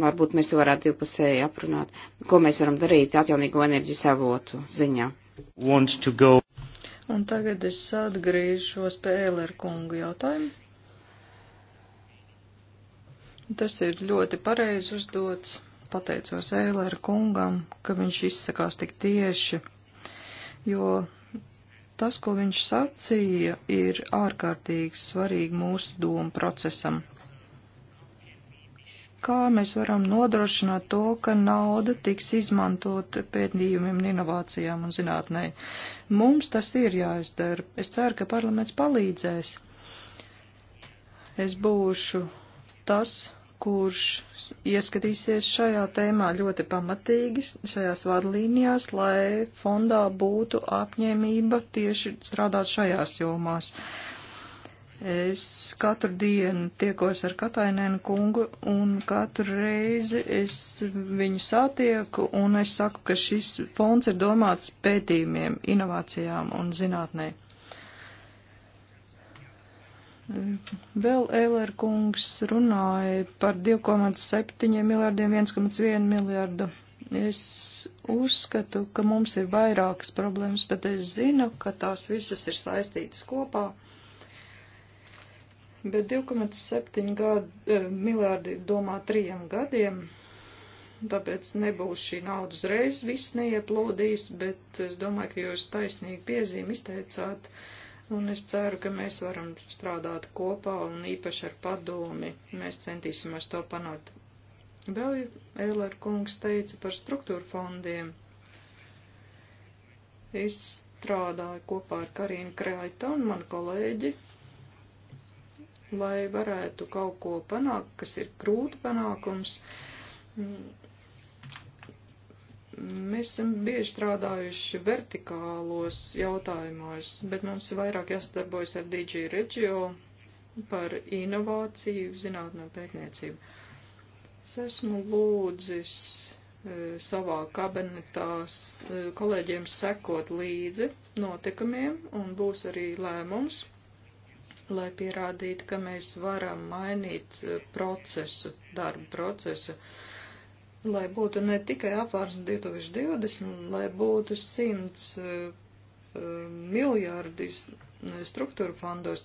C: varbūt mēs to varētu divpusēji aprunāt, ko mēs varam darīt atjaunīgo enerģijas avotu ziņā.
A: Un tagad es atgriežos pie Ēlera kunga jautājumu. Tas ir ļoti pareizi uzdots. Pateicos Ēlera kungam, ka viņš izsakās tik tieši, jo tas, ko viņš sacīja, ir ārkārtīgi svarīgi mūsu domu procesam kā mēs varam nodrošināt to, ka nauda tiks izmantot pētījumiem, inovācijām un zinātnē. Mums tas ir jāizdara. Es ceru, ka parlaments palīdzēs. Es būšu tas, kurš ieskatīsies šajā tēmā ļoti pamatīgi, šajās vadlīnijās, lai fondā būtu apņēmība tieši strādāt šajās jomās. Uh, Es katru dienu tiekos ar Katainēnu kungu un katru reizi es viņu satieku un es saku, ka šis fonds ir domāts pētījumiem, inovācijām un zinātnē. Vēl Eiler kungs runāja par 2,7 miljārdiem, 1,1 miljārdu. Es uzskatu, ka mums ir vairākas problēmas, bet es zinu, ka tās visas ir saistītas kopā bet 2,7 gadu, eh, miljārdi domā trijiem gadiem, tāpēc nebūs šī nauda uzreiz, viss neieplūdīs, bet es domāju, ka jūs taisnīgi piezīmi izteicāt, un es ceru, ka mēs varam strādāt kopā, un īpaši ar padomi mēs centīsimies to panākt. Vēl Ēlēr kungs teica par struktūra fondiem. Es strādāju kopā ar Karīnu Kreaitonu, manu kolēģi, lai varētu kaut ko panākt, kas ir grūti panākums. Mēs esam bieži strādājuši vertikālos jautājumos, bet mums vairāk jāsadarbojas ar DG Regio par inovāciju, zinātnē pētniecību. Es esmu lūdzis eh, savā kabinetā eh, kolēģiem sekot līdzi notikumiem un būs arī lēmums lai pierādītu, ka mēs varam mainīt eh, procesu, darbu procesu, lai būtu ne tikai apvārs 2020, lai būtu 100 eh, miljārdi struktūra fondos,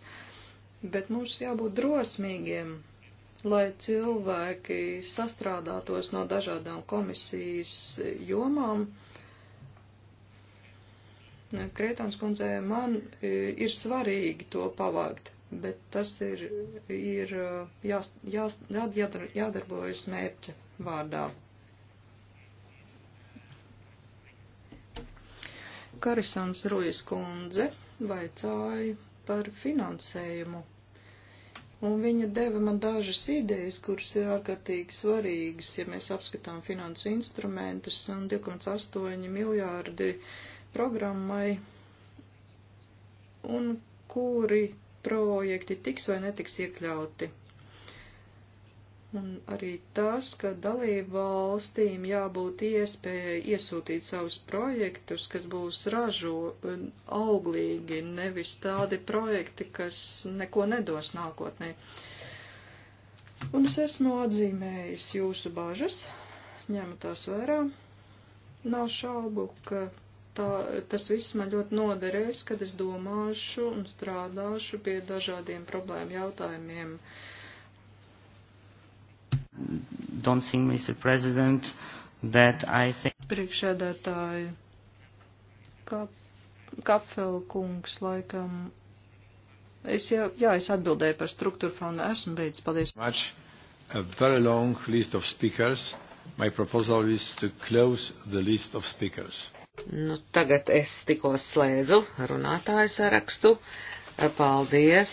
A: bet mums jābūt drosmīgiem, lai cilvēki sastrādātos no dažādām komisijas jomām Kreitons kundzē man e, ir svarīgi to pavākt, bet tas ir, ir e, jās, jās, jādar, jādarbojas mērķa vārdā. Karisons Rujas kundze vaicāja par finansējumu, un viņa deva man dažas idejas, kuras ir ārkārtīgi svarīgas, ja mēs apskatām finansu instrumentus un 2,8 miljārdi uh, programmai un kuri projekti tiks vai netiks iekļauti. Un arī tas, ka dalību valstīm jābūt iespēja iesūtīt savus projektus, kas būs ražo auglīgi, nevis tādi projekti, kas neko nedos nākotnē. Un es esmu atzīmējis jūsu bažas, ņemu tās vērā. Nav šaubu, ka tā, tas viss man ļoti noderēs, kad es domāšu un strādāšu pie dažādiem problēmu jautājumiem.
C: Don't think, Mr. President, that I think.
A: Priekšēdētāji, Kap, Kapfelkungs laikam. Es jau, jā, es atbildēju par struktūru fondu, esmu beidzis, paldies. Much. A very long list of speakers.
C: My proposal is to close the list of speakers.
A: Nu, tagad es
B: tikko slēdzu runātāju sarakstu. Paldies,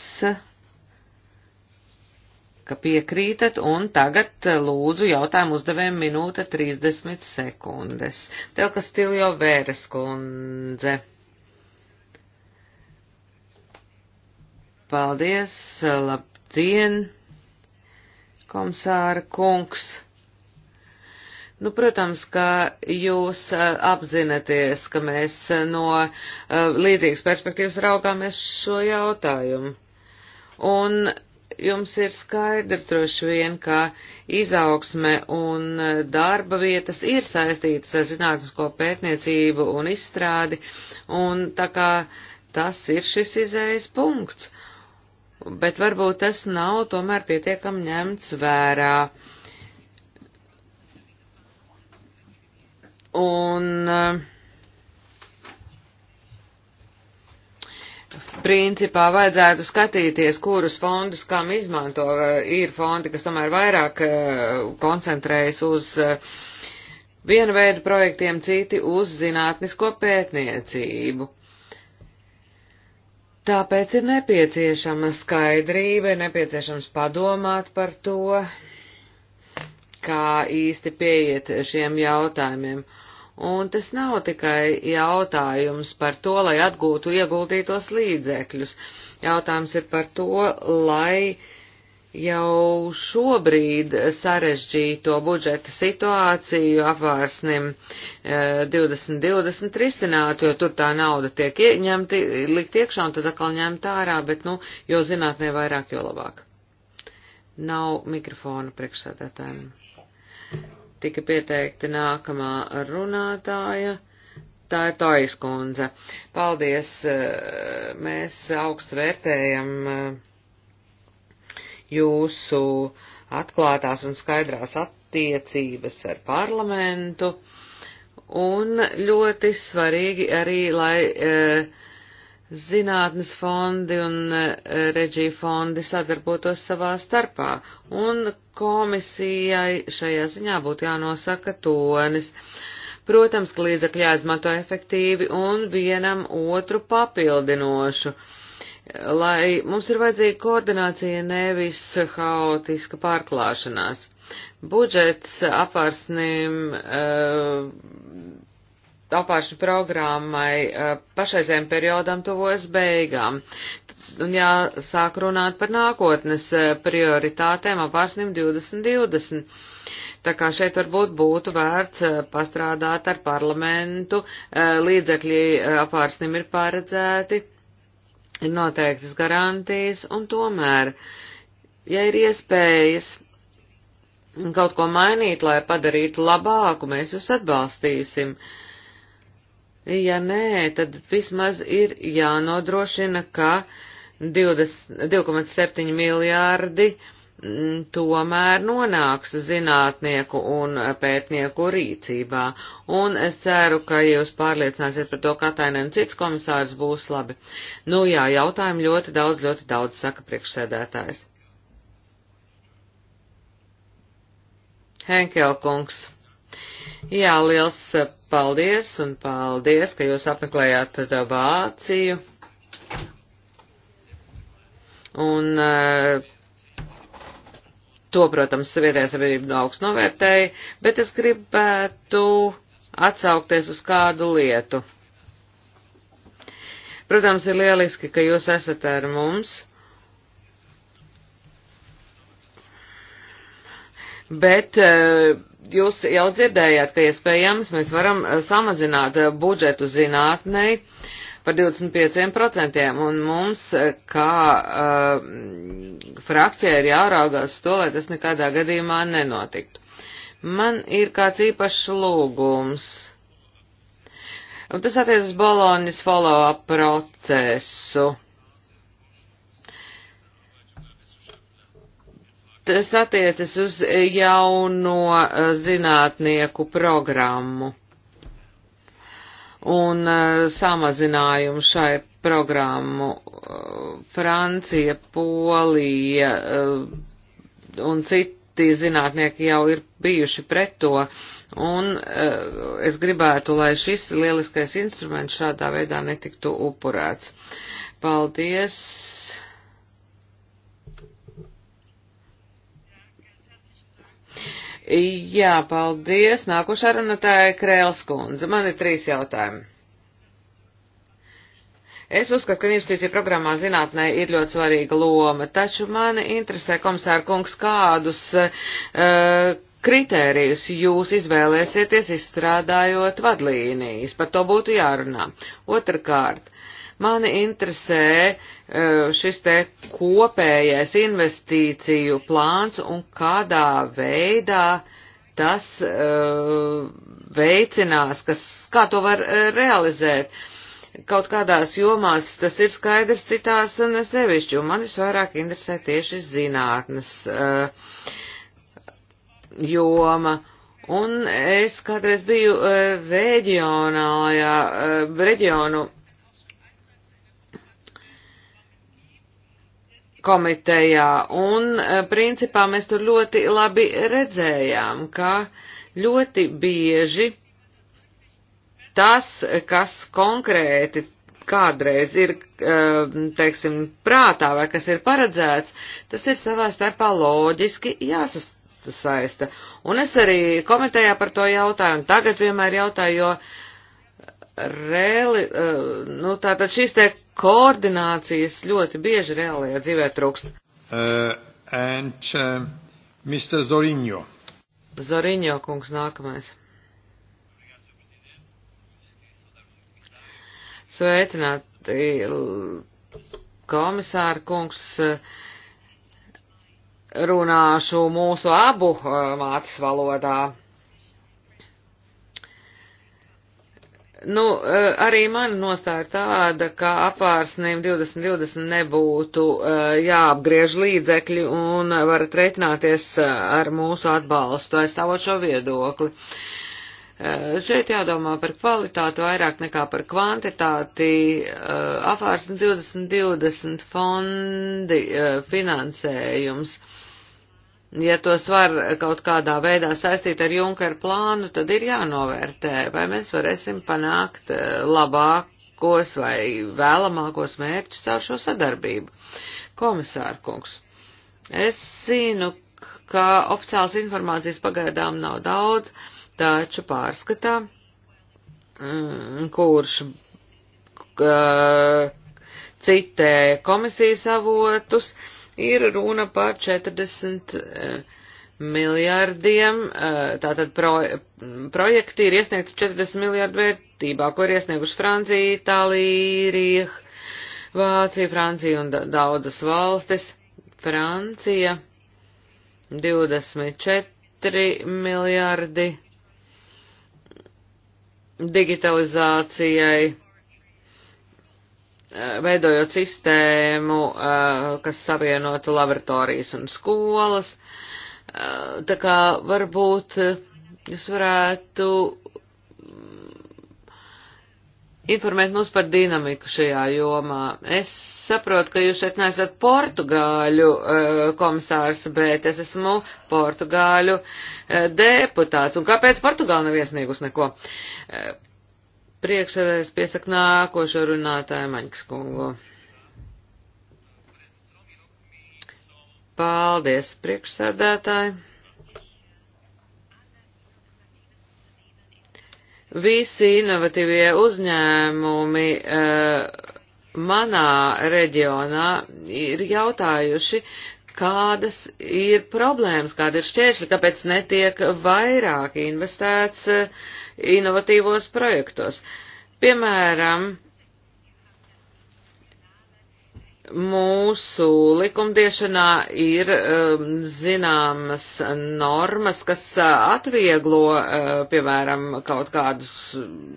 B: ka piekrītat, un tagad lūdzu jautājumu uzdevējiem minūte 30 sekundes. Tev, kas tiljo vēres kundze. Paldies, labdien, komisāra kungs. Nu, protams, ka jūs eh, apzināties, ka mēs eh, no eh, līdzīgas perspektīvas raugāmies šo jautājumu. Un jums ir skaidrs droši vien, ka izaugsme un darba vietas ir saistītas ar zinātnisko pētniecību un izstrādi, un tā kā tas ir šis izējas punkts. Bet varbūt tas nav tomēr pietiekam ņemts vērā. Uh, Un eh, principā vajadzētu skatīties, kurus fondus kam izmanto. Eh, ir fondi, kas tomēr vairāk eh, koncentrējas uz vienu veidu projektiem, citi uz zinātnisko pētniecību. Tāpēc ir nepieciešama skaidrība, ir nepieciešams padomāt par to, kā īsti pieiet šiem jautājumiem. Un tas nav tikai jautājums par to, lai atgūtu ieguldītos līdzekļus. Jautājums ir par to, lai jau šobrīd sarežģīto budžeta situāciju apvārsnim 2020 eh, risinātu, jo tur tā nauda tiek ieņemta, likt iekšā un tad atkal ņemt ārā, bet, nu, jo zinātnē vairāk, jo labāk. Nav mikrofona priekšsēdētājiem tika pieteikti nākamā runātāja. Tā ir Tojas kundze. Paldies, eh, mēs augstu vērtējam eh, jūsu atklātās un skaidrās attiecības ar parlamentu, un ļoti svarīgi arī, lai eh, zinātnes fondi un e, reģija fondi sadarbotos savā starpā, un komisijai šajā ziņā būtu jānosaka tonis. Protams, ka līdzekļi jāizmanto efektīvi un vienam otru papildinošu, lai mums ir vajadzīga koordinācija, nevis haotiska pārklāšanās. Budžets apārsnim. Uh, e, apāršu programmai eh, pašreizējiem periodam tuvojas beigām. Un jāsāk runāt par nākotnes eh, prioritātēm apārsnim 2020. Tā kā šeit varbūt būtu vērts eh, pastrādāt ar parlamentu, līdzekļi apārsnim ir paredzēti, ir noteiktas garantijas, un tomēr, ja ir iespējas kaut ko mainīt, lai padarītu labāku, mēs jūs atbalstīsim. Uh, Ja nē, tad vismaz ir jānodrošina, ka 2,7 miljārdi mm, tomēr nonāks zinātnieku un pētnieku rīcībā, un es ceru, ka jūs pārliecināsiet par to, ka Tainen cits komisārs būs labi. Nu jā, jautājumu ļoti daudz, ļoti daudz, saka priekšsēdētājs. Henkelkungs. Jā, liels paldies un paldies, ka jūs apmeklējāt Vāciju. Un eh, to, protams, vietējā sabiedrība no augsts novērtēja, bet es gribētu atsaukties uz kādu lietu. Protams, ir lieliski, ka jūs esat ar mums. Bet eh, jūs jau dzirdējāt, ka iespējams mēs varam eh, samazināt eh, budžetu zinātnei par 25%, un mums eh, kā uh, frakcija ir jāraugās to, lai tas nekādā gadījumā nenotiktu. Man ir kāds īpašs lūgums. Un tas attiec uz Boloņas follow-up procesu. tas attiecas uz jauno eh, zinātnieku programmu un eh, samazinājumu šai programmu eh, Francija, Polija un citi zinātnieki jau ir bijuši pret to, un es gribētu, lai šis lieliskais instruments šādā veidā netiktu upurēts. Paldies! Jā, paldies. Nākošā runātāja Krēls kundze. Man ir trīs jautājumi. Es uzskatu, ka investīcija programmā zinātnē ir ļoti svarīga loma, taču mani interesē, komisāra kungs, kādus uh, kritērijus jūs izvēlēsieties izstrādājot vadlīnijas. Par to būtu jārunā. Otrakārt, Mani interesē e, šis te kopējais investīciju plāns un kādā veidā tas e, veicinās, kas, kā to var e, realizēt. Kaut kādās jomās tas ir skaidrs, citās nesevišķi, un man visvairāk interesē tieši zinātnes joma. Un es kādreiz biju reģionālajā, reģionu komitejā, un eh, principā mēs tur ļoti labi redzējām, ka ļoti bieži tas, kas konkrēti kādreiz ir, eh, teiksim, prātā vai kas ir paredzēts, tas ir savā starpā loģiski jāsasaista. Un es arī komitejā par to jautāju, un tagad vienmēr jautāju, jo Reāli, eh, nu tātad šīs te koordinācijas ļoti bieži reālajā dzīvē trūkst. Uh, and, uh, Mr. Zoriņo. Zoriņo kungs nākamais. Sveicināti, komisāra kungs. Runāšu mūsu abu eh, mātes valodā. Nu, eh, arī man nostāja tāda, ka apvārsniem 2020 nebūtu eh, jāapgriež līdzekļi un varat rēķināties eh, ar mūsu atbalstu, aizstāvot šo viedokli. Šeit jādomā par kvalitāti vairāk nekā par kvantitāti. Apvārsni 2020 fondi finansējums ja tos var kaut kādā veidā saistīt ar Junkeru plānu, tad ir jānovērtē, vai mēs varēsim panākt eh, labākos vai vēlamākos mērķus ar šo sadarbību. Komisārkungs, es zinu, ka oficiāls informācijas pagaidām nav daudz, taču pārskatā, mm, kurš eh, citē komisijas avotus, uh, ir runa par 40 eh, miljārdiem, eh, tātad pro, projekti ir iesniegti 40 miljārdu vērtībā, ko ir iesnieguši Francija, Itālija, Īrija, Vācija, Francija un daudzas valstis. Francija 24 miljārdi digitalizācijai Eh, veidojot sistēmu, eh, kas savienotu laboratorijas un skolas. Eh, tā kā varbūt jūs varētu mm, informēt mūs par dinamiku šajā jomā. Es saprotu, ka jūs šeit neesat portugāļu komisārs, bet es esmu portugāļu deputāts. Un kāpēc Portugāla nav iesniegus neko? Priekšsēdētājs piesaka nākošo runātāju Maņķis kungu. Paldies, priekšsēdētāji. Visi inovatīvie uzņēmumi uh, manā reģionā ir jautājuši, kādas ir problēmas, kāda ir šķēršļi, kāpēc netiek vairāk investēts uh, inovatīvos projektos. Piemēram, mūsu likumdiešanā ir um, zināmas normas, kas uh, atvieglo, uh, piemēram, kaut kādas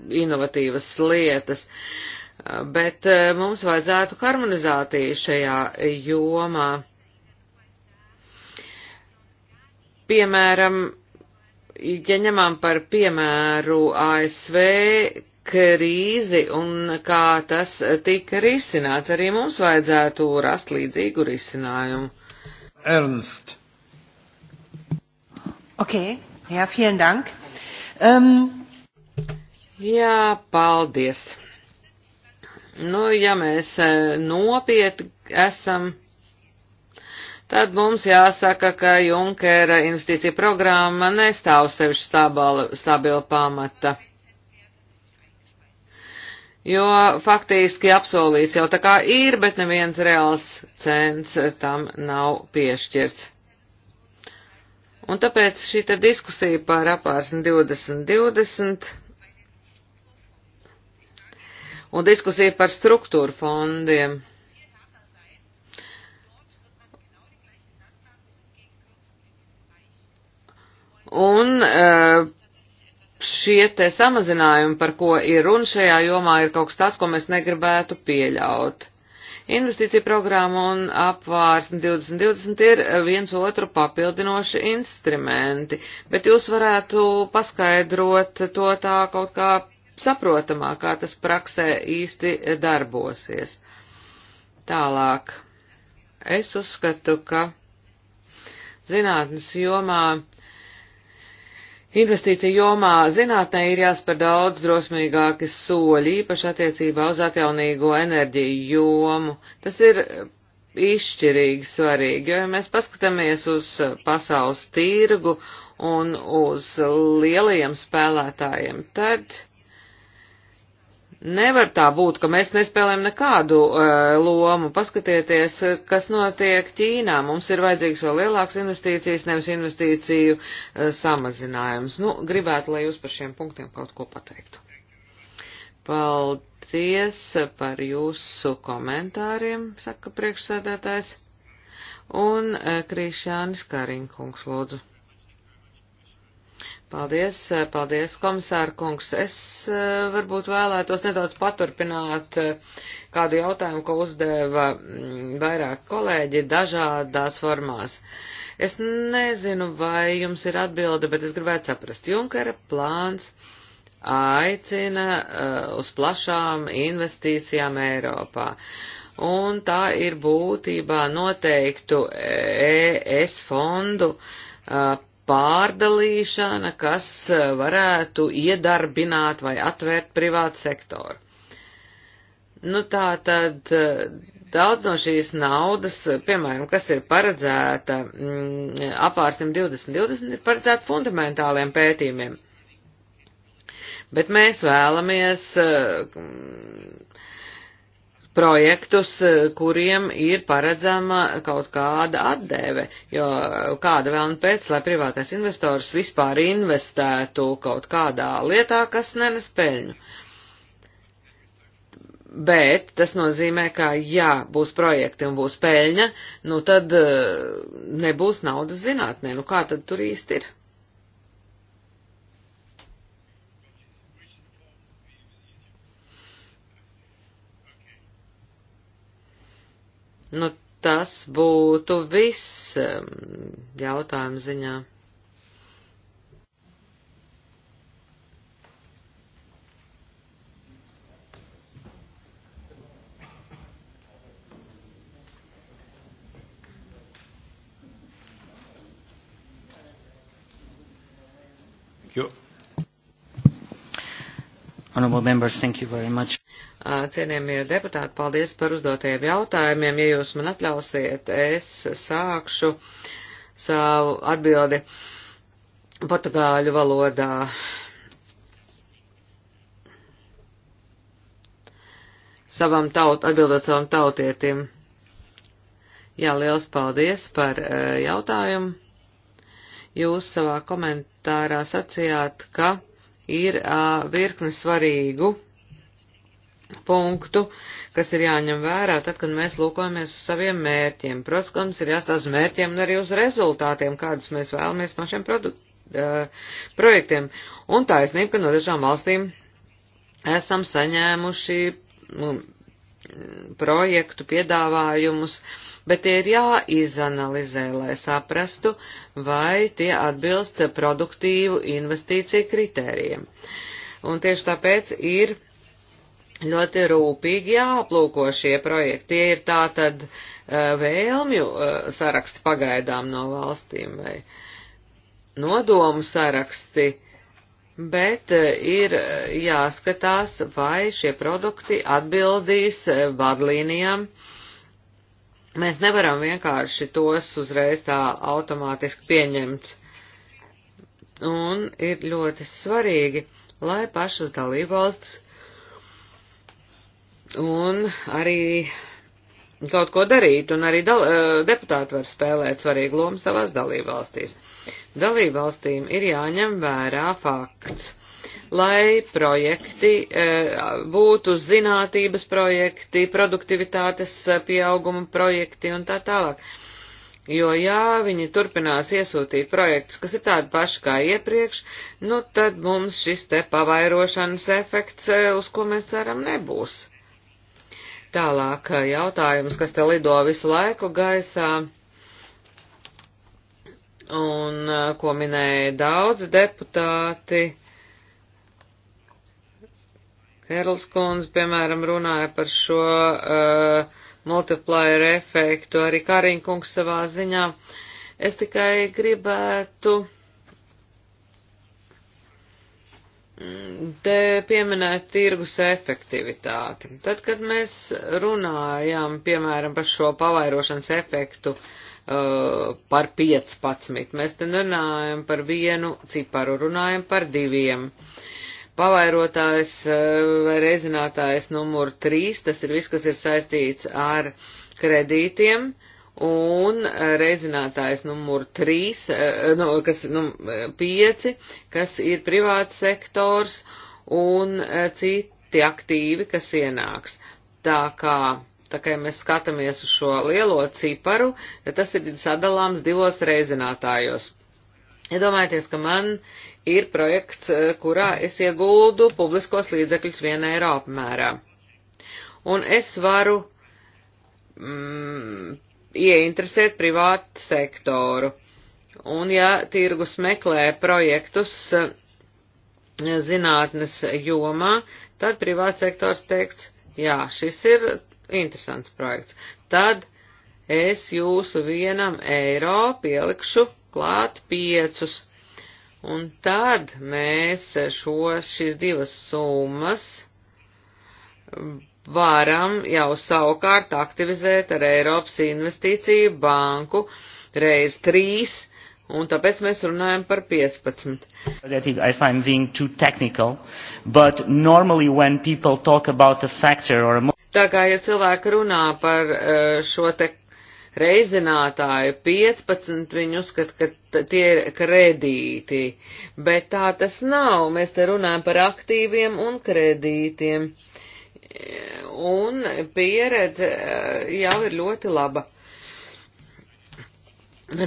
B: inovatīvas lietas, uh, bet uh, mums vajadzētu harmonizāciju šajā jomā. Piemēram, ja ņemam par piemēru ASV krīzi un kā tas tika risināts, arī mums vajadzētu rast līdzīgu risinājumu. Ernst. Ok, jā, vielen dank. Um. Jā, paldies. Nu, ja mēs eh, nopietni esam tad mums jāsaka, ka Junkera investīcija programma nestāv sevišķi stabila pamata. Jo faktiski apsolīts jau tā kā ir, bet neviens reāls cents tam nav piešķirts. Un tāpēc šī te diskusija par apārsni 2020 un diskusija par struktūru fondiem Un eh, šie te samazinājumi, par ko ir runa šajā jomā, ir kaut kas tāds, ko mēs negribētu pieļaut. Investīcija programma un apvārsni 2020 ir eh, viens otru papildinoši instrumenti, bet jūs varētu paskaidrot to tā kaut kā saprotamāk, kā tas praksē īsti darbosies. Tālāk. Es uzskatu, ka zinātnes jomā Investīciju jomā zinātnē ir jāspēr daudz drosmīgāki soļi, īpaši attiecībā uz atjaunīgo enerģiju jomu. Tas ir izšķirīgi svarīgi, jo ja mēs paskatāmies uz pasaules tirgu un uz lielajiem spēlētājiem, tad Nevar tā būt, ka mēs nespēlējam nekādu uh, lomu. Paskatieties, eh, kas notiek Ķīnā. Mums ir vajadzīgs vēl lielāks investīcijas, nevis investīciju uh, samazinājums. Nu, gribētu, lai jūs par šiem punktiem kaut ko pateiktu. Paldies par jūsu komentāriem, saka priekšsēdētājs. Un uh, Krišānis Kariņkungs, lūdzu. Paldies, eh, paldies, komisāra kungs. Es eh, varbūt vēlētos nedaudz paturpināt eh, kādu jautājumu, ko uzdeva mm, vairāk kolēģi dažādās formās. Es nezinu, vai jums ir atbilde, bet es gribētu saprast. Junkara plāns aicina uz plašām investīcijām Eiropā un tā ir būtībā noteiktu ES e fondu pārdalīšana, kas eh, varētu iedarbināt vai atvērt privātu sektoru. Nu tā tad eh, daudz no šīs naudas, eh, piemēram, kas ir paredzēta mm, apvārsim 2020, ir paredzēta fundamentāliem pētījumiem. Bet mēs vēlamies mm, projektus, eh, kuriem ir paredzama kaut kāda atdeve, jo eh, kāda vēl un nu pēc, lai privātais investors vispār investētu kaut kādā lietā, kas nenes peļņu. Bet tas nozīmē, ka ja būs projekti un būs peļņa, nu tad eh, nebūs naudas zinātnē. Nu kā tad tur īsti ir? Nu, tas būtu viss jautājumu ziņā.
A: Honorable members, thank you very much.
B: Cienījamie deputāti, paldies par uzdotajiem jautājumiem. Ja jūs man atļausiet, es sākšu savu atbildi portugāļu valodā. Savam taut, atbildot savam tautietim. Jā, liels paldies par uh, jautājumu. Jūs savā komentārā sacījāt, ka ir uh, virkni svarīgu punktu, kas ir jāņem vērā, tad, kad mēs lūkojamies uz saviem mērķiem. Protams, ka mums ir jāstāsta uz mērķiem un arī uz rezultātiem, kādus mēs vēlamies no šiem produ, uh, projektiem. Un taisnība, ka no dažām valstīm esam saņēmuši um, projektu piedāvājumus, bet tie ir jāizanalizē, lai saprastu, vai tie atbilst produktīvu investīciju kritērijiem. Un tieši tāpēc ir ļoti rūpīgi jāaplūko šie projekti. Tie ir tā tad eh, vēlmju eh, saraksti pagaidām no valstīm vai nodomu saraksti, bet eh, ir jāskatās, vai šie produkti atbildīs vadlīnijām. Mēs nevaram vienkārši tos uzreiz tā automātiski pieņemt. Un ir ļoti svarīgi, lai pašas dalībvalstis un arī kaut ko darīt, un arī dal, eh, deputāti var spēlēt svarīgu lomu savās dalībvalstīs. Dalībvalstīm ir jāņem vērā fakts, lai projekti eh, būtu zinātības projekti, produktivitātes eh, pieauguma projekti un tā tālāk. Jo, ja viņi turpinās iesūtīt projektus, kas ir tādi paši kā iepriekš, nu tad mums šis te pavairošanas efekts, uz ko mēs ceram, nebūs. Tālāk jautājums, kas te lido visu laiku gaisā un ko minēja daudzi deputāti. Herls Kunz, piemēram, runāja par šo uh, multiplier efektu, arī Kariņkungs savā ziņā. Es tikai gribētu te pieminēt tirgus efektivitāti. Tad, kad mēs runājam, piemēram, par šo pavairošanas efektu uh, par 15, mēs te runājam par vienu ciparu, runājam par diviem. Pavairotājs uh, vai uh, reizinātājs numur 3, tas ir viss, kas ir saistīts ar kredītiem. Uh, un reizinātājs numur 3, eh, nu, kas, nu, 5, kas ir privāts sektors un eh, citi aktīvi, kas ienāks. Tā kā, tā kā ja mēs skatāmies uz šo lielo ciparu, ja tas ir sadalāms divos reizinātājos. Iedomājieties, ja ka man ir projekts, eh, kurā es ieguldu publiskos līdzekļus viena eiro apmērā. Un es varu mm, ieinteresēt privātu sektoru. Un ja tirgus meklē projektus eh, zinātnes jomā, tad privāts sektors teiks, jā, šis ir interesants projekts. Tad es jūsu vienam eiro pielikšu klāt piecus. Un tad mēs šos, šīs divas summas varam jau savukārt aktivizēt ar Eiropas investīciju banku reiz trīs, un tāpēc mēs runājam par 15. I find being too technical, but normally when people talk about a factor or a... Tā kā, ja cilvēki runā par eh, šo te reizinātāju 15, viņi uzskata, ka tie ir kredīti, bet tā tas nav, mēs te runājam par aktīviem un kredītiem. Uh, un pieredze eh, jau ir ļoti laba.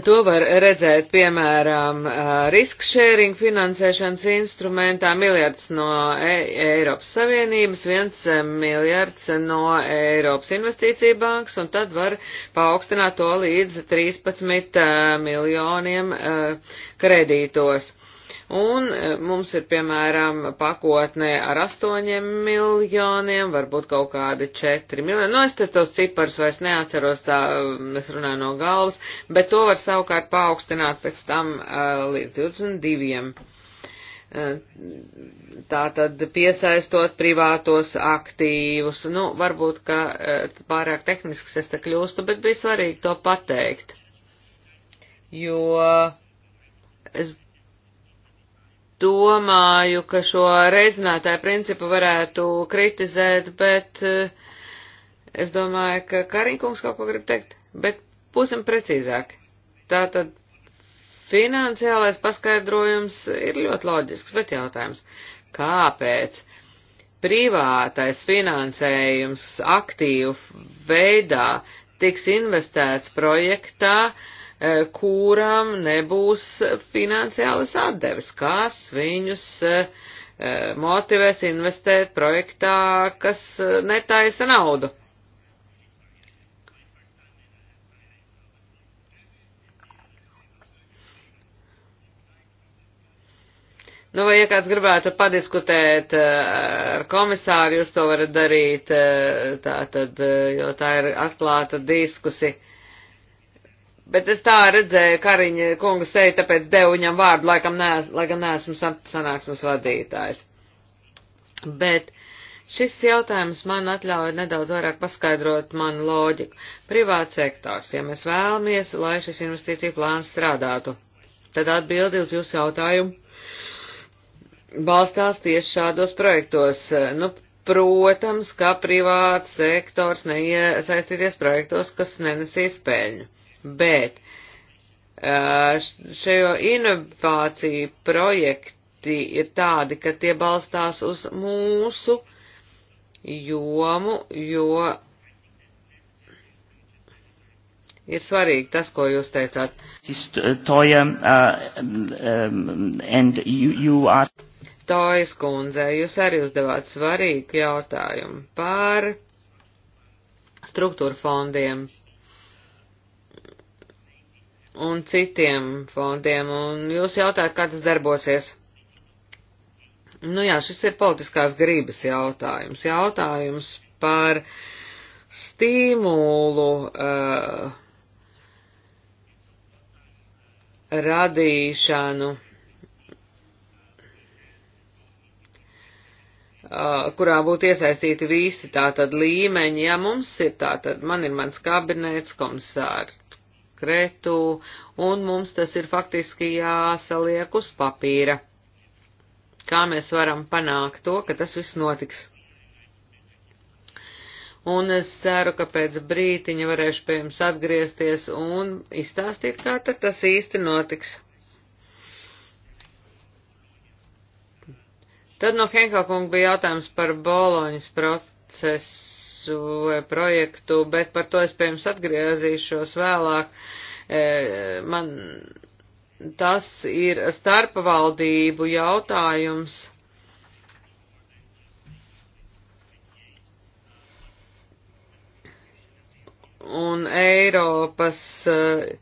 B: To var redzēt, piemēram, eh, risk sharing finansēšanas instrumentā miljards no e Eiropas Savienības, viens eh, miljards no Eiropas Investīcija bankas, un tad var paaugstināt to līdz 13 miljoniem kredītos. Un e, mums ir, piemēram, pakotnē ar astoņiem miljoniem, varbūt kaut kādi četri miljoni. Nu, es te tos cipars vairs neatceros, tā mm, es runāju no galvas, bet to var savukārt paaugstināt pēc tam e, līdz 22. E, tā tad piesaistot privātos aktīvus. Nu, varbūt, ka pārāk tehnisks es te kļūstu, bet bija svarīgi to pateikt. Jo es domāju, ka šo reizinātāju principu varētu kritizēt, bet eh, es domāju, ka Kariņkungs kaut ko grib teikt, bet būsim precīzāki. Tātad finansiālais paskaidrojums ir ļoti loģisks, bet jautājums, kāpēc privātais finansējums aktīvu veidā tiks investēts projektā, uh, Eh, kuram nebūs finansiālas atdeves, kas viņus eh, eh, motivēs investēt projektā, kas netaisa naudu. Nu, vai, ja kāds gribētu padiskutēt ar komisāru, jūs to varat darīt, tā tad, jo tā ir atklāta diskusija. Bet es tā redzēju, Kariņa kunga seja, tāpēc devu viņam vārdu, laikam nees, lai gan neesmu sanāksmes vadītājs. Bet šis jautājums man atļauj nedaudz vairāk paskaidrot manu loģiku. Privāts sektors, ja mēs vēlamies, lai šis investīcija plāns strādātu, tad atbildi uz jūsu jautājumu balstās tieši šādos projektos. Nu, protams, ka privāts sektors neiesaistīties projektos, kas nenesīs peļņu bet šajo inovāciju projekti ir tādi, ka tie balstās uz mūsu jomu, jo ir svarīgi tas, ko jūs teicāt.
C: Uh, Toja, uh, um, um you, you are...
B: Tojas kundze, jūs arī uzdevāt svarīgu jautājumu par struktūra fondiem un citiem fondiem, un jūs jautājat, kā tas darbosies. Nu jā, šis ir politiskās grības jautājums. Jautājums par stīmulu uh, radīšanu, uh, kurā būtu iesaistīti visi tātad līmeņi. Ja mums ir tātad, man ir mans kabinets, komisāri, Kretu, un mums tas ir faktiski jāsaliek uz papīra. Kā mēs varam panākt to, ka tas viss notiks? Un es ceru, ka pēc brītiņa varēšu pie jums atgriezties un izstāstīt, kā tad tas īsti notiks. Tad no Henkelkunga bija jautājums par Boloņas procesu projektu, bet par to es pie jums atgriezīšos vēlāk. E, man tas ir starpvaldību jautājums. Un Eiropas uh,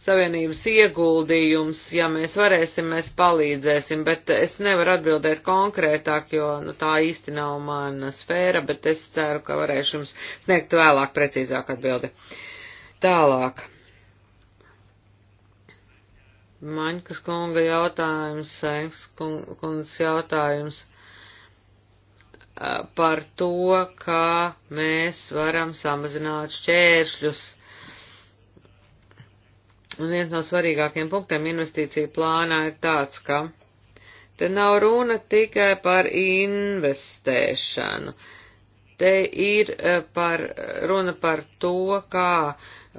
B: Savienības ieguldījums, ja mēs varēsim, mēs palīdzēsim, bet es nevaru atbildēt konkrētāk, jo nu, tā īsti nav mana sfēra, bet es ceru, ka varēšu jums sniegt vēlāk precīzāk atbildi. Tālāk. Maņkas kunga jautājums, Sēnks kundas jautājums par to, kā mēs varam samazināt šķēršļus Un viens no svarīgākiem punktiem investīciju plānā ir tāds, ka te nav runa tikai par investēšanu. Te ir eh, par, runa par to, kā uh,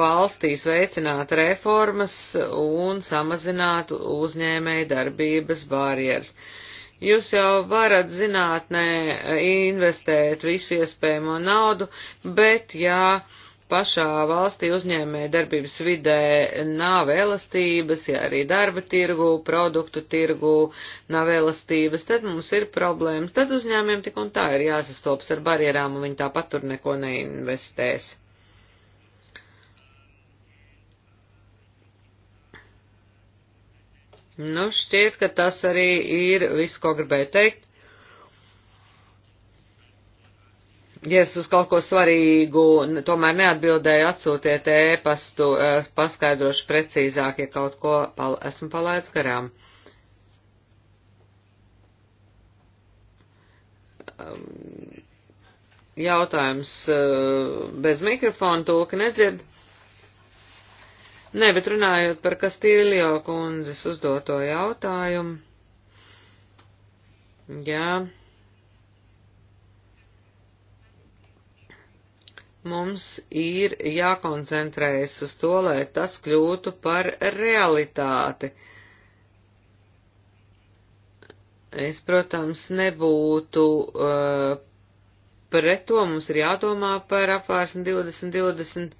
B: valstīs veicināt reformas un samazināt uzņēmēju darbības barjeras. Jūs jau varat zinātnē eh, investēt visu iespējamo naudu, bet jā, ja pašā valstī uzņēmē darbības vidē nav elastības, ja arī darba tirgu, produktu tirgu nav elastības, tad mums ir problēmas. Tad uzņēmiem tik un tā ir jāsastops ar barjerām, un viņi tāpat tur neko neinvestēs. Nu, šķiet, ka tas arī ir viss, ko gribēju teikt. ja es uz kaut ko svarīgu tomēr neatbildēju, atsūtiet ēpastu, e paskaidrošu precīzāk, ja kaut ko pal esmu palaidis garām. Jautājums e, bez mikrofona tulka nedzird. Nē, bet runājot par Kastīlio kundzes uzdoto jautājumu. Jā. Yeah. Mums ir jākoncentrējas uz to, lai tas kļūtu par realitāti. Es, protams, nebūtu uh, pret to, mums ir jādomā par apvārsni 2020,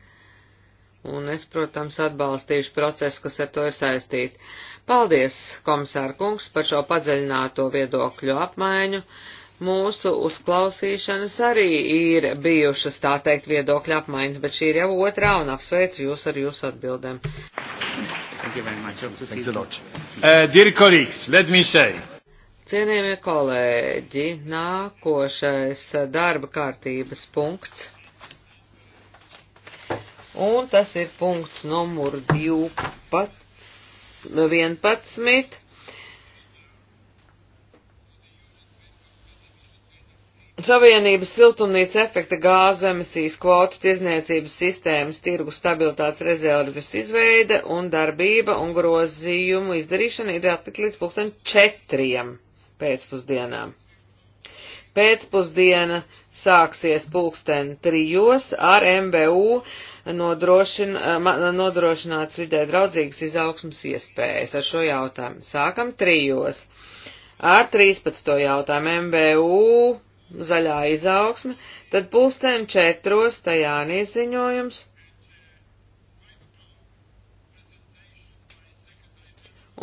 B: un es, protams, atbalstīšu procesu, kas ar to ir saistīti. Paldies, komisāra kungs, par šo padziļināto viedokļu apmaiņu. Uh, Mūsu uzklausīšanas arī ir bijušas, tā teikt, viedokļa apmaiņas, bet šī ir jau otrā un apsveicu jūs ar jūsu atbildēm.
A: Uh,
B: Cienījamie kolēģi, nākošais darba kārtības punkts. Un tas ir punkts numur 12, 11 nu, Savienības siltumnīca efekta gāzu emisijas kvotu tiesniecības sistēmas tirgu stabilitātes rezerves izveide un darbība un grozījumu izdarīšana ir atlikt līdz pulksten četriem pēcpusdienām. Pēcpusdiena sāksies pulksten trijos ar MBU nodrošin, nodrošināts vidē draudzīgas izaugsmas iespējas ar šo jautājumu. Sākam trijos ar 13. jautājumu MBU zaļā izaugsme, tad pulksten četros tajā neziņojums.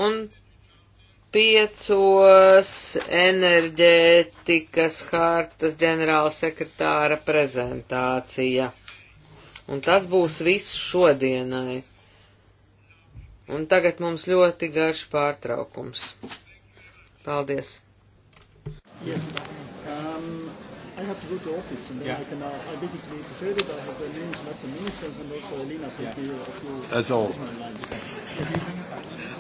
B: Un piecos enerģētikas hartas ģenerāla sekretāra prezentācija. Un tas būs viss šodienai. Un tagad mums ļoti garš pārtraukums. Paldies! Yes
A: have to go to office, and then yeah. I can. Uh, I basically prepared it. I have the names of the ministers, and also Elena sent yeah. me a few. That's all. Lines.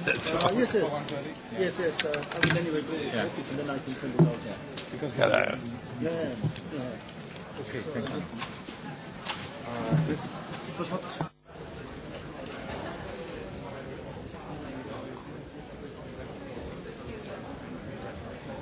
A: That's uh, all. Yes, yes, yeah. yes, yes. Uh, I will anyway go to yeah. office, and then I can send it out. Yeah. Because yeah, yeah, yeah. yeah. Okay, so, thank
C: you. Uh, uh this.